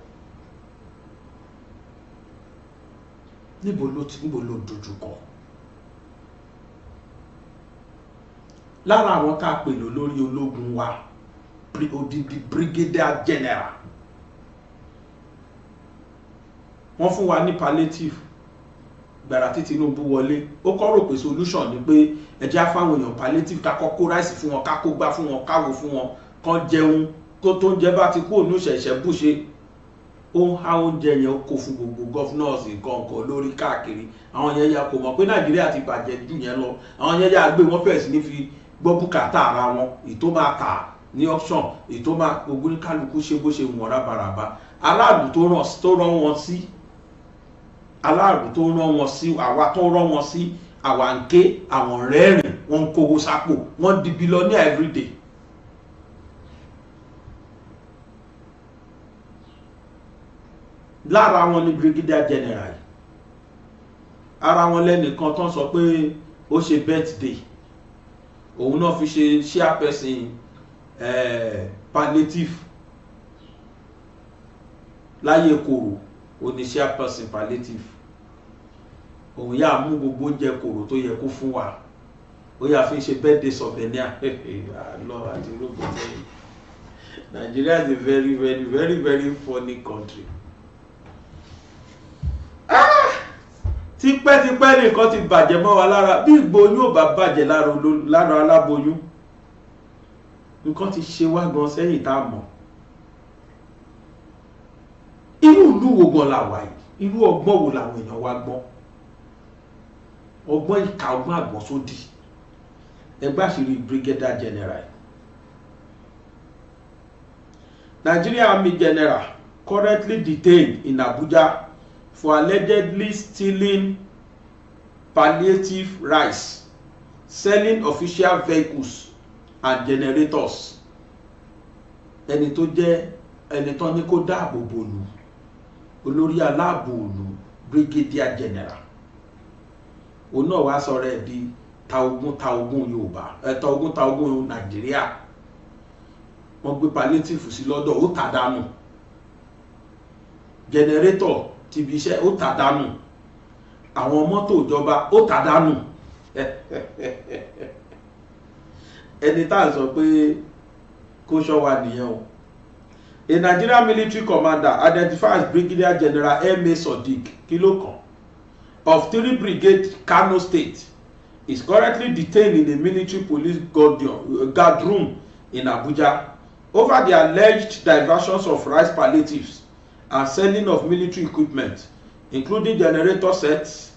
níbo ló ń dojú kọ. lára àwọn tá a pè lò lórí ológun wa odidi brigadier general wọ́n fún wa ní palliative gbàrà tí Tinubu wọlé ó kọ́ rò pé solution ni pé ẹjẹ́ afáwọn èèyàn palliative kakọ́ kó ráìsì fún wọn kakó gbá fún wọn káwo fún wọn kán jẹun kó tó ń jẹ bá ti kó òun ṣẹ̀ṣẹ̀ bù ṣe ó ń há oúnjẹ yẹn kó fún gbogbo gọ́fúnọ̀sì kọ̀ọ̀kan lórí káàkiri àwọn yẹn ya kò mọ̀ pé Nàìjíríà ti bàjẹ́ jù yẹn lọ àwọn yẹn ya gbé wọn fẹ̀ sí ní fi gbọ́ bùkátà ara wọn ìtó máa tà ní auction ìtó máa gbogbo ní kálukú ṣe bó ṣe wọ̀n rábaràba aláàlú tó ràn tó rán wọn sí aláàlú tó rán wọn sí àwa tó rán wọn sí àwa àwọn rẹ́rìn wọn kówó sápò wọn di billionaire everyday. lára wọn ni brigadier general ara wọn lẹ́nìkan tán sọ pé ó ṣe birthday òun náà fi ṣe chairperson eh, palliative láyé kòrò òun ni chairperson palliative òun yà mú gbogbo oúnjẹ kòrò tó yẹ kó fún wa ó yà fi ṣe birthday souvenir àlọ́ àti rògbò lẹ́yìn Nigeria is a very very very very funny country. Ah! tipẹ́tipẹ́ nìkan ti bàjẹ́ mọ́ wa lára bí ìgboyún ò bá bàjẹ́ lára aláboyún nǹkan ti ṣe wá gan sẹ́yìn tá a mọ̀ irú ìlú wo gan la wà yìí irú ọgbọ́n wo làwọn èèyàn wa gbọ́n ọgbọ́n ìka ọgbọ́n àgbọ̀nsódì ẹgbẹ́ àṣírí brigadier general Nigeria army general currently detained in Abuja for allegedly stealing palliative rice selling official vehicles and generators ẹni tó jẹ́ ẹni tó ní kó dáàbò bò lù olórí aláàbò lù brigadier general òun náà wàá sọ rẹ̀ di ta ogún ta ogún yorùbá ẹ ta ogún ta ogún nàìjíríà wọ́n gbé palliative sí lọ́dọ̀ ó tà dànù generator tìbí iṣẹ́ ó tà dànù àwọn mọ́tò ìjọba ó tà dànù ẹni tá à sọ pé kó ṣọ́ wa nìyẹn o a Nigerian military commander identified as Brigadier General M.A. Sodiq kilokan of three brigade Kano State is currently detained in a military police guard room in Abuja over the alleged diversions of rice palliatives and selling of military equipment including generator sets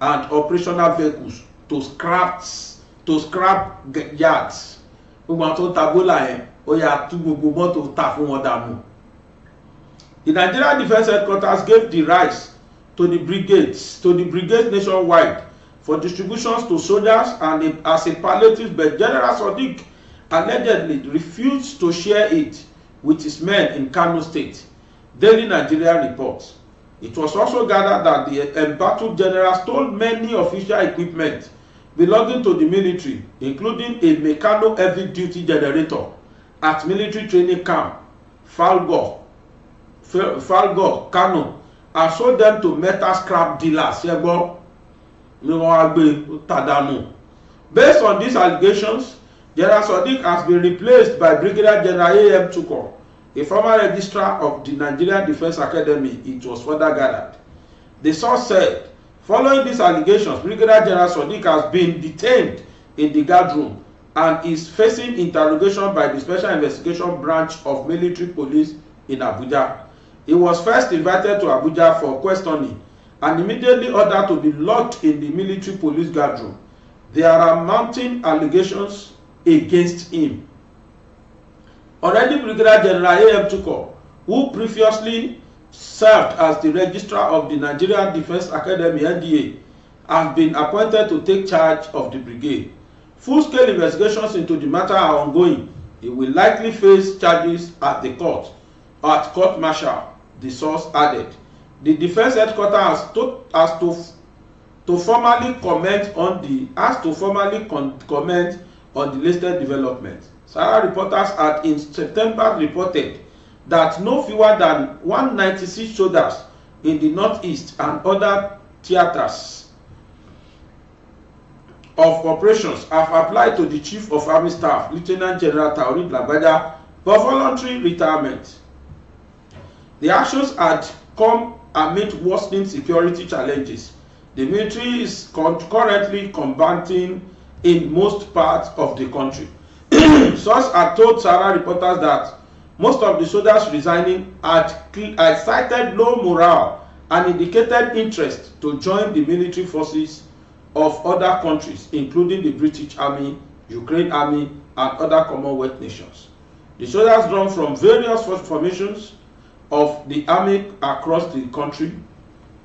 and operational vehicles to scraps to scrap yards gbogbo àwọn tó ń ta bólà yẹn ó yà tú gbogbo mọ́tò tà fún wọn dànù. the Nigeria defence headquarters gave the rice to the brigades to the brigades nationwide for distributions to soldiers and a, as a palliative but general sodiq allegedly refused to share it with his men in kano state Daily Nigeria reports. It was also gathered that the embattled general stole many official equipment belonging to the military, including a Meccano heavy-duty generator at military training camp Falgo Falgo Kano, and sold them to metal scrap dealers. Based on these allegations, General Sodiq has been replaced by Brigadier General A.M. Tukor a former registrar of the Nigerian Defence Academy, it was further gathered. The source said, following these allegations, Brigadier General Sodiq has been detained in the guard room and is facing interrogation by the Special Investigation Branch of Military Police in Abuja. He was first invited to Abuja for questioning and immediately ordered to be locked in the military police guard room. There are mounting allegations against him already Brigadier General A.M. Tuko, who previously served as the registrar of the Nigerian Defence Academy NDA, has been appointed to take charge of the brigade. Full-scale investigations into the matter are ongoing. He will likely face charges at the court, at court martial, the source added. The defense headquarters has to, has to, to formally comment on the has to formally con comment on the latest developments. Sahara reporters had in September reported that no fewer than 196 soldiers in the northeast and other theaters of operations have applied to the Chief of Army Staff, Lieutenant General Taoreed Lagbaja, for voluntary retirement. The actions had come amid worsening security challenges. The military is currently combating in most parts of the country. Sources had told Sahara reporters that most of the soldiers resigning had, had cited low morale and indicated interest to join the military forces of other countries, including the British Army, Ukraine Army, and other Commonwealth nations. The soldiers drawn from various formations of the army across the country,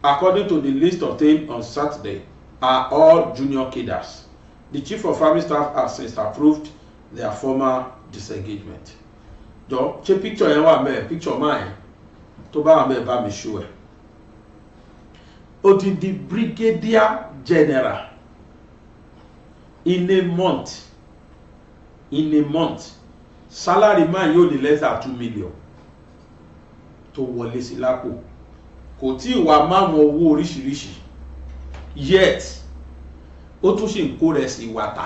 according to the list obtained on Saturday, are all junior cadres. The Chief of Army Staff has since approved their former disengagement jọ ṣé picture yẹn wà mẹ́ẹ̀ picture máa yẹn tó bá wà mẹ́ẹ̀ bá mi ṣú ẹ̀ ó brigadier general in a month in a month salary man yóò ní less than two million tó wọlé sí lápò kò tí ì wá máwọn owó oríṣiríṣi yet ó tún ṣì ń kó rẹ̀ sí wàtà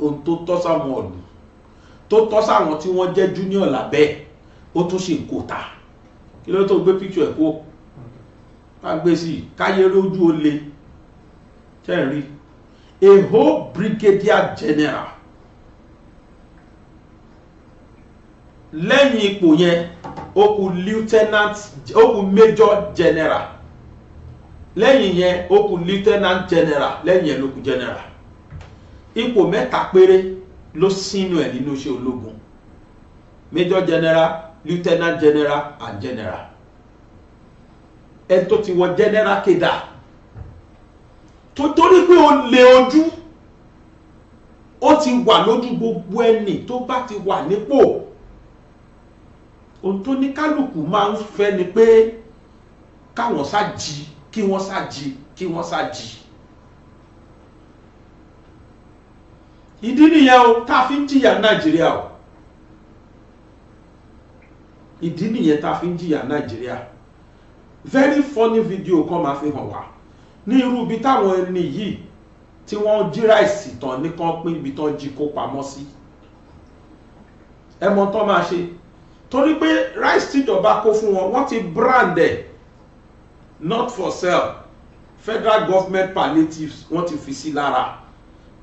ohun tó tọ́ sáwọn ọ̀dùn tó tọ́ sáwọn tí wọ́n jẹ́ junior lábẹ́ ó tún ṣe kòtà kí ló tó gbé píkṣọ ẹ̀ kó ká gbé sí i káyé lójú ó le a whole brigadier general lẹ́yìn ipò yẹn ó kù lieutenant ó kù major general lẹ́yìn yẹn ó kù lieutenant general lẹ́yìn yẹn ló kù general ipò mẹ́ta péré ló sínú ẹ̀ nínú iṣẹ́ ológun major general lieutenant general and general ẹ tó ti wọ general kéda tó torí pé ó lé ojú ó ti wà lójú gbogbo ẹni tó bá ti wà nípò ohun tó ní kálukú máa ń fẹ́ ni pé káwọn sá jí kí wọ́n sá jí kí wọ́n sá ìdí nìyẹn o tá a fi ń jìyà nàìjíríà o ìdí nìyẹn tá a fi ń jìyà nàìjíríà very funny video kan máa fi hàn wá ní irú ibi táwọn ẹni yìí tí wọ́n jí ráìsì tán ní kan pín ibi tán jí kó pamọ́ sí ẹ mọ tán máa ṣe torí pé ráìsì tíjọba kó fún wọn wọ́n ti brand ẹ̀ not for sale federal government palliatives wọ́n ti fi sí lára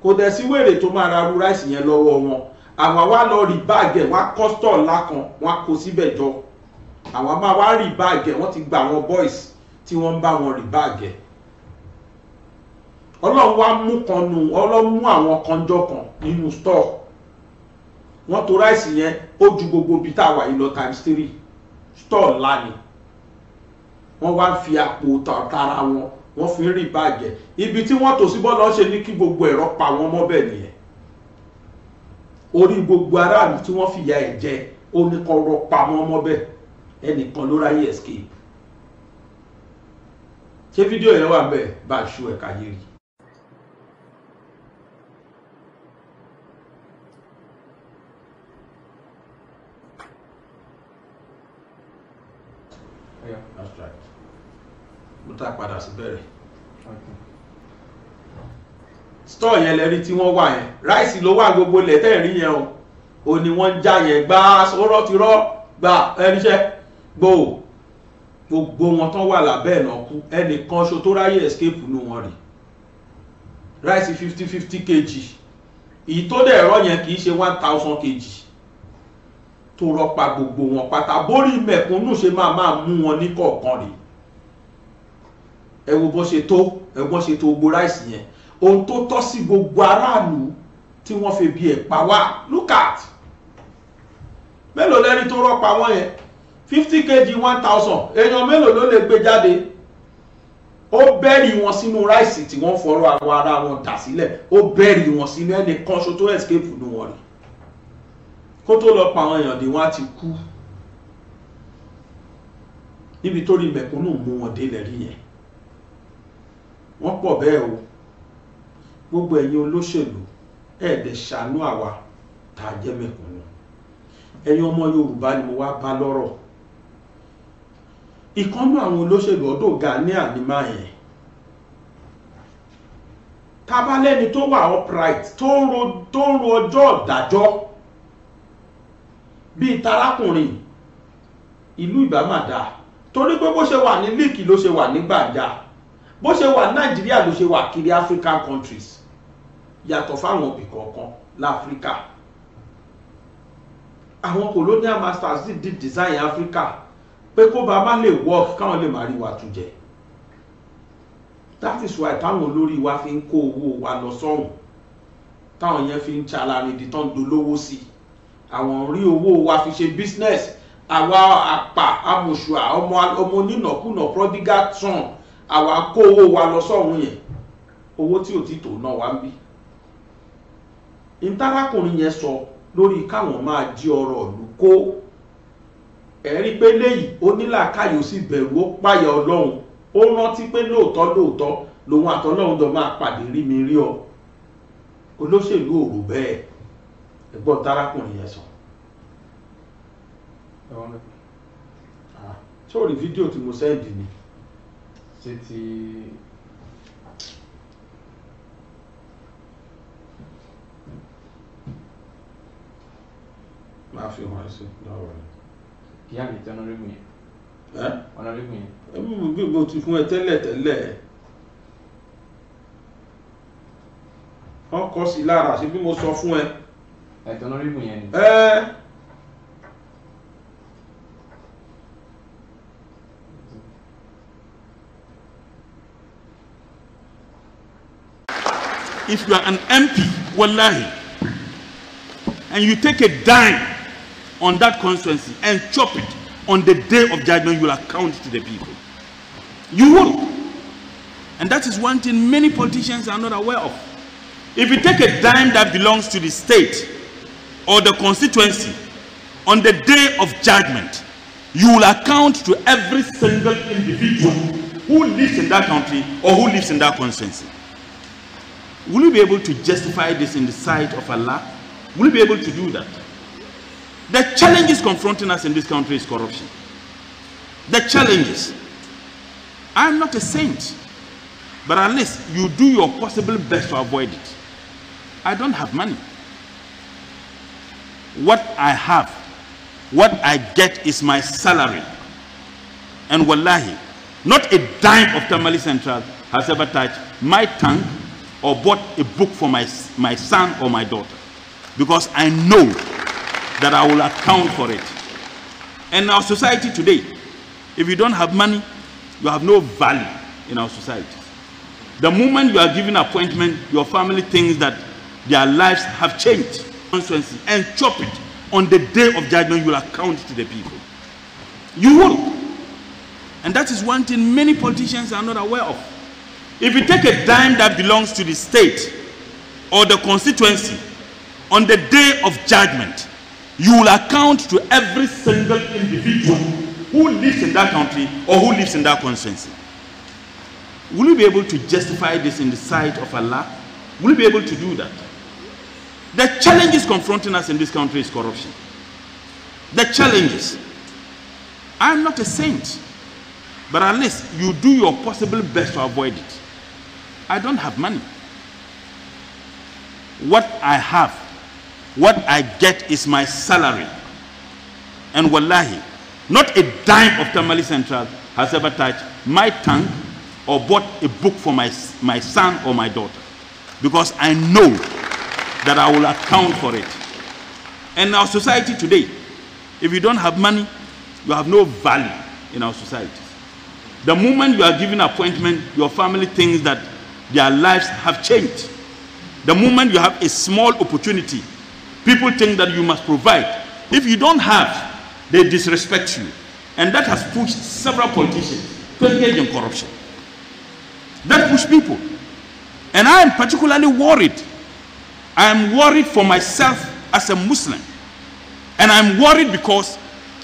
kò dẹ̀ sí wèrè tó máa ra ru ráìsì yẹn lọ́wọ́ wọn àwa wá lọ rí báàgì ẹ̀ wá kọ́sítọ̀ ńlá kan wọ́n á kó síbẹ̀ jọ àwa máa wá rí báàgì ẹ̀ wọ́n ti gba àwọn boys tí wọ́n ń bá wọn rí báàgì ẹ̀ ọlọ́run wá mú kan nu ọlọ́run mú àwọn kan jọ kan nínú store wọ́n to ráìsì yẹn ó ju gbogbo bíi tá a wà yìí lọ times three store ńlá ni wọ́n wá fi àpò tààrà wọn wọ́n fi ń rí bàjẹ́ ibi tí wọ́n tò sí bọ́ọ̀lù ṣe ní kí gbogbo ẹ̀rọ pa wọ́n mọ́ bẹ́ẹ̀ nìyẹn orí gbogbo aráàlú tí wọ́n fìyà ẹ̀ jẹ ó pa wọ́n mọ́ ẹnìkan ló ráyè escape ṣé fídíò yẹn wà bẹ́ẹ̀ bá a ṣú ẹ̀ káyé rí ló tá padà sí bẹ̀rẹ̀ stọọ yẹn lẹ́rí tí wọ́n wà yẹn ráìsì ló wà gbogbo lẹ́tẹ̀rí yẹn o ò ní wọ́n já yẹn gbá sọ́rọ́ ti rọ́ gba ẹniṣẹ́ gbò gbogbo wọn tán wà lábẹ́ ẹ̀ náà kú ẹnìkan ṣo tó ráyè escape nù wọn rè ráìsì fifty fifty kg èyí tó dẹ̀ rọ́ yẹn kì í ṣe one thousand kg tó pa gbogbo wọn pátá bórí mẹ̀kúnnù ṣe máa máa mú wọn ní kọ̀ọ̀kan rèé ẹ wo bọ́n ṣe tó ẹ wo bọ́n ṣe tó gbogbo ráìsì yẹn ohun tó tọ́ sí gbogbo aráàlú tí wọ́n fi bí ẹ̀ pa wá look at mélòó lẹ́ni tó rọ́pa wọ́n yẹn fifty kg one thousand èèyàn mélòó ló lè gbé jáde ó bẹ́ẹ̀rì wọn sínú ráìsì tí wọ́n fọ̀rọ̀ àwọn ará wọn dà sílẹ̀ ó bẹ́ẹ̀rì wọn sínú ẹnì kan ṣo tó escape nù wọn rí kó tó lọ pa àwọn èèyàn dé wọn á ti kú níbi tó rí mẹ̀kúnnù mú wọn délẹ̀ rí yẹn wọ́n pọ̀ bẹ́ẹ̀ o gbogbo ẹ̀yin olóṣèlú ẹ̀ẹ́dẹ̀ ṣàánú àwa tá a jẹ́ mẹ̀kúnnù ẹ̀yin ọmọ Yorùbá ni mo wá bá lọ́rọ̀ ìkànnú àwọn olóṣèlú ọdún Gani ni máa yẹn tabalẹ́ni tó wà upright tó ń ro tó ń ro ọjọ́ ìdájọ́ bíi tarákùnrin ìlú ìbámadà torí pé bó ṣe wà ní líìkì ló ṣe wà ní gbàǹjà bó ṣe wà nàìjíríà ló ṣe wà kiri african countries yàtọ̀ fáwọn òbí kọ̀ọ̀kan láfíríkà àwọn colonial masters sì di design africa pé kó ba má lè work káwọn lè má rí wa tún jẹ that is why táwọn olórí wa fi ń kó owó wa lọ sọ́hùn táwọn yẹn fi ń ṣalárinidì tán dolówó sí àwọn rí owó wa fi ṣe business àwa àpà amòṣùà ọmọ onínàkúnà prodigal son àwa kó owó wa lọ sọ́hún yẹn owó tí ò ti tò náà wá ń bí ìtarakùnrin yẹn sọ lórí káwọn máa jí ọrọ̀ ìlú kó ẹ̀rí pé léyìí onílàákàyè ó sì bẹ̀rù ó páyà ọlọ́run ó rántí pé lóòótọ́ lóòótọ́ lòun àtọ́lọ́run jọ máa pàdé rí mi rí ọ olóṣèlú ò bẹ́ẹ̀ ẹ̀gbọ́n tarakùnrin yẹn sọ. sórí ah, fídíò tí mo sẹ́ẹ̀dì ni títí máa fi hàn sí lọ́wọ́ rẹ̀. kí á lè tẹ́ ọ̀nàrẹ́gùn yẹn. ẹ́ ọ̀nàrẹ́gùn yẹn. ẹ bí mo gbé mo ti fún ẹ tẹ́lẹ̀ tẹ́lẹ̀ wọ́n kọ́ sí lára àṣẹ bí mo sọ fún ẹ. ẹ̀tọ́ yẹn ni. ẹ́ẹ́. if you are an MP, wallahi, and you take a dime on that constituency and chop it on the day of judgment, you will account to the people. You will. And that is one thing many politicians are not aware of. If you take a dime that belongs to the state or the constituency on the day of judgment, you will account to every single individual who lives in that country or who lives in that constituency. Will you be able to justify this in the sight of Allah? Will you be able to do that? The challenges confronting us in this country is corruption. The challenges. I'm not a saint, but at least you do your possible best to avoid it. I don't have money. What I have, what I get is my salary. And wallahi, not a dime of Tamale Central has ever touched my tongue or bought a book for my, my son or my daughter because I know that I will account for it. And our society today, if you don't have money, you have no value in our society. The moment you are given appointment, your family thinks that their lives have changed and chop it on the day of judgment you will account to the people you will and that is one thing many politicians are not aware of if you take a dime that belongs to the state or the constituency on the day of judgment, you will account to every single individual who lives in that country or who lives in that constituency. Will you be able to justify this in the sight of Allah? Will you be able to do that? The challenges confronting us in this country is corruption. The challenges. I'm not a saint, but at least you do your possible best to avoid it. I don't have money. What I have, what I get is my salary. And wallahi, not a dime of Tamale Central has ever touched my tongue or bought a book for my, my son or my daughter. Because I know that I will account for it. And our society today, if you don't have money, you have no value in our society. The moment you are given appointment, your family thinks that their lives have changed. The moment you have a small opportunity, people think that you must provide. If you don't have, they disrespect you. And that has pushed several politicians to engage in corruption. That pushed people. And I am particularly worried. I am worried for myself as a Muslim. And I'm worried because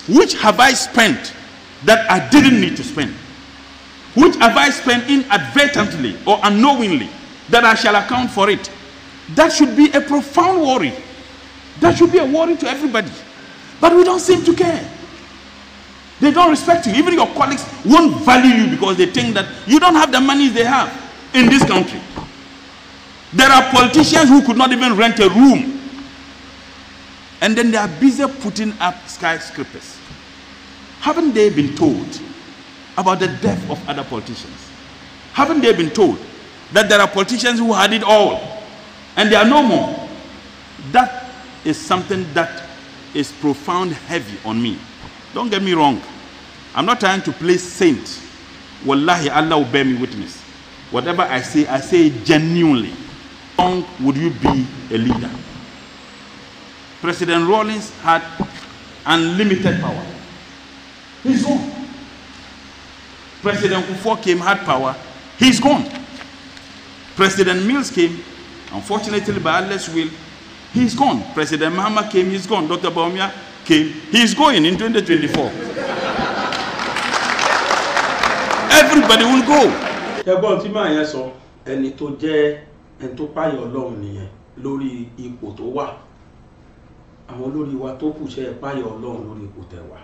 which have I spent that I didn't need to spend? which have I spent inadvertently or unknowingly, that I shall account for it. That should be a profound worry. That should be a worry to everybody. But we don't seem to care. They don't respect you. Even your colleagues won't value you because they think that you don't have the money they have in this country. There are politicians who could not even rent a room. And then they are busy putting up skyscrapers. Haven't they been told about the death of other politicians. Haven't they been told that there are politicians who had it all and they are no more? That is something that is profound heavy on me. Don't get me wrong. I'm not trying to play saint. Wallahi, Allah will bear me witness. Whatever I say, I say genuinely. Long would you be a leader? President Rawlings had unlimited power. His own President Kufuor came, had power, he's gone. President Mills came, unfortunately by Allah's will, he's gone. President Mahama came, he's gone. Dr. Baumia came, he's going in 2024. Everybody will go. Ẹgbọ́n tí máa yẹn sọ, ẹni tó jẹ́ ẹni tó páyọ̀ ọlọ́run nìyẹn lórí ipò tó wà. Àwọn olórí wa tó kù ṣe páyọ̀ ọlọ́run lórí ipò tẹ̀wà.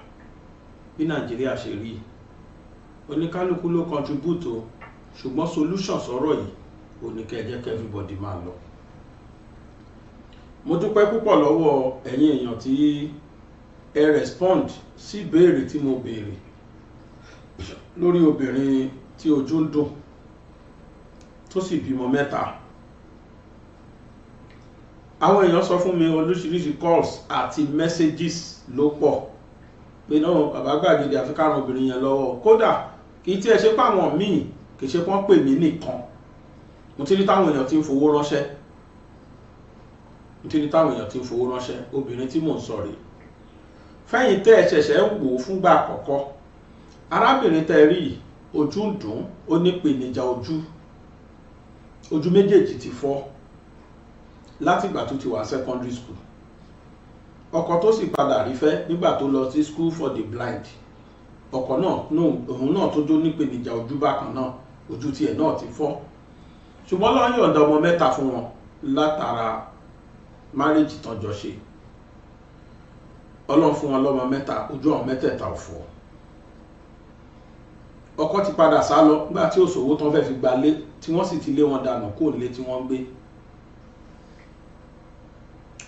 Bí Nàìjíríà ṣe rí yìí oníkálukú ló contribute o ṣùgbọ́n solution sọ̀rọ̀ yìí ò ní kẹ́ ẹ jẹ́ kí everybody máa lọ. mo dúpẹ́ púpọ̀ lọ́wọ́ ẹ̀yin èèyàn tí ẹ respond sí ìbéèrè tí mo béèrè lórí obìnrin tí ojú ń dùn tó sì bímọ mẹ́ta àwọn èèyàn sọ fún mi oríṣiríṣi calls àti messages ló pọ̀ pé náà bàbá gbàgede àfikàrùn obìnrin yẹn lọ́wọ́ kódà kì í tiẹ̀ ṣe pé àwọn míì kì í ṣe pé wọ́n pè mí nìkan mo ti rí táwọn èèyàn ti ń fowó ránṣẹ́ mo ti rí táwọn èèyàn ti ń fowó ránṣẹ́ obìnrin tí mò ń sọ rèé fẹ́yìn tẹ́ ẹ ṣẹ̀ṣẹ̀ wò fúngbà àkọ́kọ́ arábìnrin tẹ́ rí ojú ń dùn ó ní ìpèníjà ojú ojú méjèèjì ti fọ́ látìgbà tó ti wà secondary school ọkọ tó sì padà rí fẹ́ nígbà tó lọ sí school for the blind ọkọ̀ náà òun náà tó jó nípèníjà ojú bákan náà ojú tiẹ̀ náà ti fọ́ ṣùgbọ́n lọ́wọ́ yọ̀ǹda ọmọ mẹ́ta fún wọn látara márèjì tán jọ ṣe ọlọ́run fún wọn lọ́mọ mẹ́ta ojú àwọn mẹ́tẹ̀ẹ̀ta ò fọ́ ọkọ ti padà sá lọ nígbà tí òṣòwò tán fẹ́ fi gba lé tí wọ́n sì ti lé wọn dànù kó lé tí wọ́n ń gbé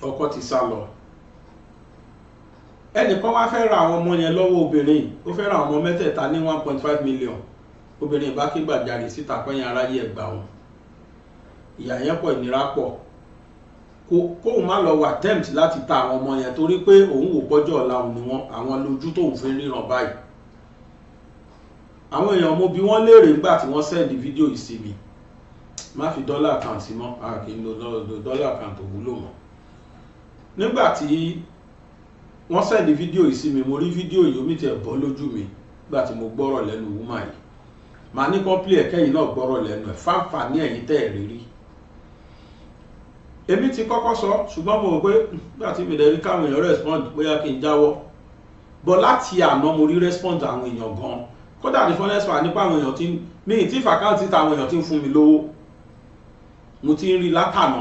ọkọ ti sá lọ ẹnìkan wá fẹ́ ra àwọn ọmọ yẹn lọ́wọ́ obìnrin ó fẹ́ ra àwọn ọmọ mẹ́tẹ̀ẹ̀ta ní one point five million obìnrin bá ké gbàjarè síta pẹ́yìn aráyé ẹ̀ gbà wọn ìyà yẹn pọ̀ ìnira pọ̀ kóun má lọ wà attempt láti ta àwọn ọmọ yẹn torí pé òun wò pọ́jọ́ ọ̀la òun ni wọ́n àwọn lójú tóun fi ríran báyìí àwọn èèyàn mo bi wọ́n léèrè nígbà tí wọ́n sẹ́ẹ̀dì fídíò yìí sí mi má fi dọ́là kan sí mọ́ a kì í lo dọ́là kan tó wúlò mọ́ nígbà tí wọ́n sẹ́ndí fídíò yìí sí mi mo rí fídíò yìí omi tiẹ̀ bọ́ lójú mi nígbà tí mo gbọ́rọ̀ lẹ́nu wúmà yìí màá ní kọ́pìlì ẹ̀kẹ́ yìí náà gbọ́rọ̀ lẹ́nu ẹ̀ fáfà ní ẹ̀yìn tẹ́ ẹ̀ rírí èmi ti kọ́kọ́ sọ ṣùgbọ́n mo rò pé hmm, nígbà tí mi dẹ̀ rí káwọn èèyàn respond bóyá kí n jáwọ́ bọ́ láti àná mo rí respond àwọn èèyàn gan kódà ní fọ́nẹ́sì wà nípa àwọn èèyàn tí mi ì tí fàkáǹtì táwọn èèyàn ti ń fún mi lówó mo ti ń rí látànà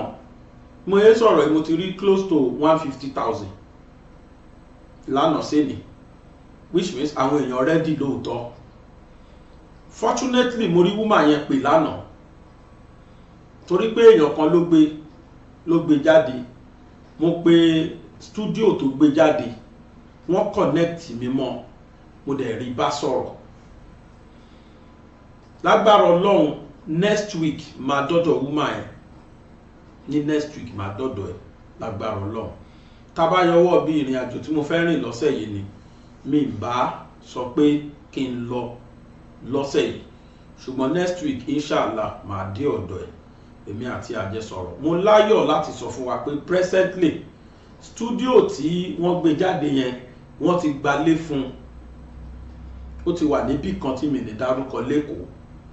mo yẹ sọ̀rọ̀ mo ti rí close to one fifty thousand lánàá ni, which means àwọn èèyàn rẹ́dì lóòótọ́ fortunately mo rí woman yẹn pè lánàá torí pé èèyàn kan ló gbé ló gbé jáde mo pe studio tó gbé jáde wọ́n connect mi mọ́ mo dẹ̀ rí bá sọ̀rọ̀ lágbára ọlọ́run next week máa dọ́dọ̀ woman yẹn ní next week máa dọ́dọ̀ ẹ̀ lágbára ọlọ́run tábà yọwọ́ bí ìrìn àjò tí mo fẹ́ rìn lọ́sẹ̀ yìí ni mi bá sọ pé kí n lọ lọ́sẹ̀ yìí ṣùgbọ́n next week inshallah màá dé ọ̀dọ̀ ẹ̀ èmi àti àjẹsọ̀rọ̀ mo láyọ̀ láti sọ fún wa pé presently studio tí wọ́n gbé jáde yẹn wọ́n ti gbalé fún un ó ti wà níbì kan tí mi ní dárúkọ lẹ́kọ̀ọ́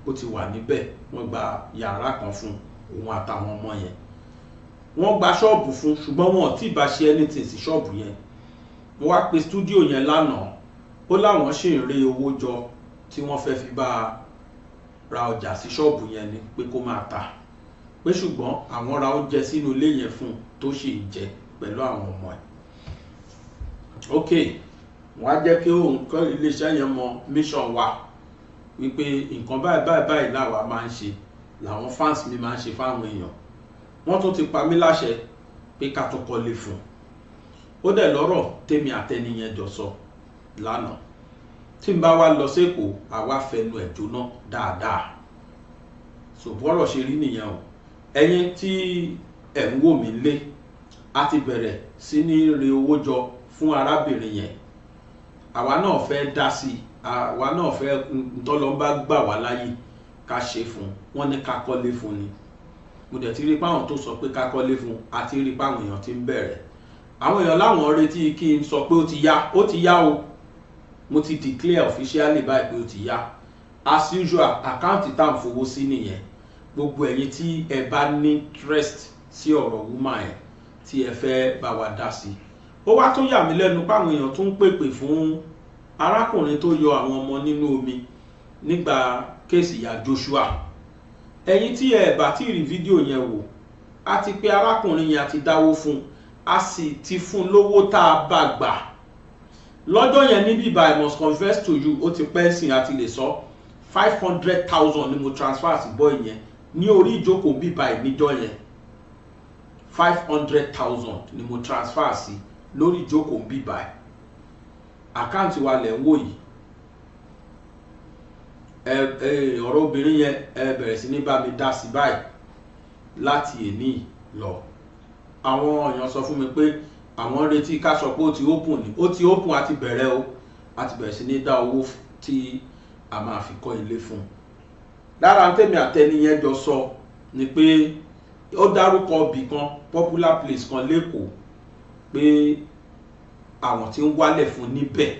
ó ti wà níbẹ̀ wọ́n gba yàrá kan fún òun àtàwọn ọmọ yẹn wọ́n gba ṣọ́ọ̀bù fún ṣùgbọ́n wọn ò tí ì bá ṣe anything sí ṣọ́ọ̀bù yẹn mo wá pe studio, yẹn lánàá ó láwọn ṣì ń re owó jọ tí wọ́n fẹ́ fi bá a ra ọjà sí ṣọ́ọ̀bù yẹn ni pé kó máa ta pé ṣùgbọ́n àwọn ra oúnjẹ sínú ilé yẹn fún un tó ṣì ń jẹ pẹ̀lú àwọn ọmọ ẹ̀ ok wọ́n á jẹ́ kí òun kọ́ iléeṣẹ́ yẹn mọ mission wa wípé nǹkan báyìí báyìí báyìí làwa máa ń ṣe làwọn fans mi máa ń ṣe fáwọn èèyàn wọ́n tún ti pa mí láṣẹ pé ká tún kọ́lé fún un ó dẹ̀ lọ́rọ̀ tèmi àtẹniyẹn jọ sọ lánàá tí n bá wá lọ sékòó àwa fẹnu ẹ̀ jóná dáadáa ṣòbọ́rọ̀ ṣe rí nìyẹn o ẹ̀yin tí ẹ̀ ń wò mí lé a ti bẹ̀rẹ̀ sí ní re owó jọ fún arábìnrin yẹn àwa náà fẹ́ dá sí i àwa náà fẹ́ ntọ́lọ́mbá gbà wá láyè ká ṣe fún un wọ́n ní ká kọ́lé fún ni mo dẹ̀ ti rí páwọn tó sọ pé ká kọ́lé fún àti rí páwọn èèyàn ti ń bẹ̀rẹ̀ àwọn èèyàn láwọn retí kí n sọ pé ó ti yá ó ti yá o mo ti declare officially báyìí pé ó ti yá as usual àkáǹtì tá à ń fowó sí nìyẹn gbogbo ẹ̀yin tí ẹ bá ní interest sí ọ̀rọ̀ woman ẹ̀ tí ẹ fẹ́ bá wa dá sí i ó wá tún yà mí lẹ́nu páwọn èèyàn tún ń pèpè fún arákùnrin tó yọ àwọn ọmọ nínú omi nígbà kéèsì ìyá Joshua ẹ̀yin tí ẹ bá ti rí fídíò yẹn wò a ti pe arákùnrin yẹn a ti dáwó fún un a sì ti fún lówó tá a bá gbà lọ́jọ́ yẹn níbí ibà must confess to you ó ti pẹ́ sìn àti lè sọ five hundred thousand ni mo transfer sí bọ́ ìyẹn ní orí ìjókòó bíbá ìníjọ́ yẹn five hundred thousand ni mo transfer sí lórí ìjókòó bíbá àkáǹtì wa lẹ̀ ń wò yìí ọ̀rọ̀ obìnrin yẹn ẹ bẹ̀rẹ̀ sí ní bá mi dá sí báyìí láti èní lọ àwọn èèyàn sọ fún mi pé àwọn ń retí ká sọ pé ó ti open ni ó ti open àti bẹ̀rẹ̀ o àti bẹ̀rẹ̀ sí ní dá owó tí a máa fi kọ́ ilé fún un lára tèmi àtẹni yẹn jọ sọ ni pé ó dárúkọ ibì kan popular place kan lẹ́kọ̀ọ́ pé àwọn tí ń wálẹ̀ fún níbẹ̀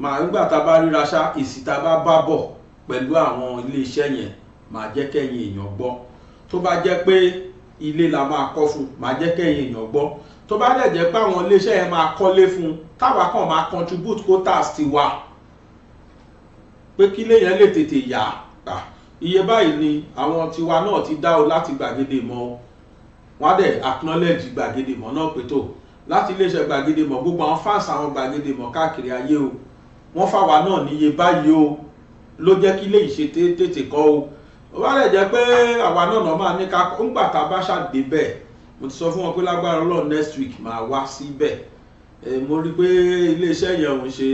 màá nígbà tá a bá ríra ṣá èsì tá a bá bá bọ̀ pẹ̀lú àwọn iléeṣẹ́ yẹn màá jẹ́ kẹ́yìn èèyàn gbọ́ tó bá jẹ́ pé ilé la máa kọ́ fún màá jẹ́ kẹ́yìn èèyàn gbọ́ tó bá dẹ̀ jẹ́ pé àwọn iléeṣẹ́ yẹn máa kọ́lé fún táwa kan máa contribute quotas ti wa pé kílé yẹn lè tètè yá iye báyìí ni àwọn tiwa náà ti dá o láti gbàgede mọ́ o wọ́n á dẹ̀ acknowledge gbàgede mọ́ náà pé tó láti iléeṣẹ́ gbàgede mọ́ gbogbo àwọn fans àwọn gbàgede mọ́ káàkiri ayé o wọ́n fáwa náà níye báyìí o ló jẹ́ kí ilé ìṣe tètè kọ́ o ó bá lè jẹ́ pé àwa náà náà máa ní ká ń gbà tá a bá ṣàdé bẹ́ẹ̀ mo ti sọ fún wọn pé lágbára ọlọ́run next week máa wá síbẹ̀ mo rí i pé iléeṣẹ́ yẹn òun ṣe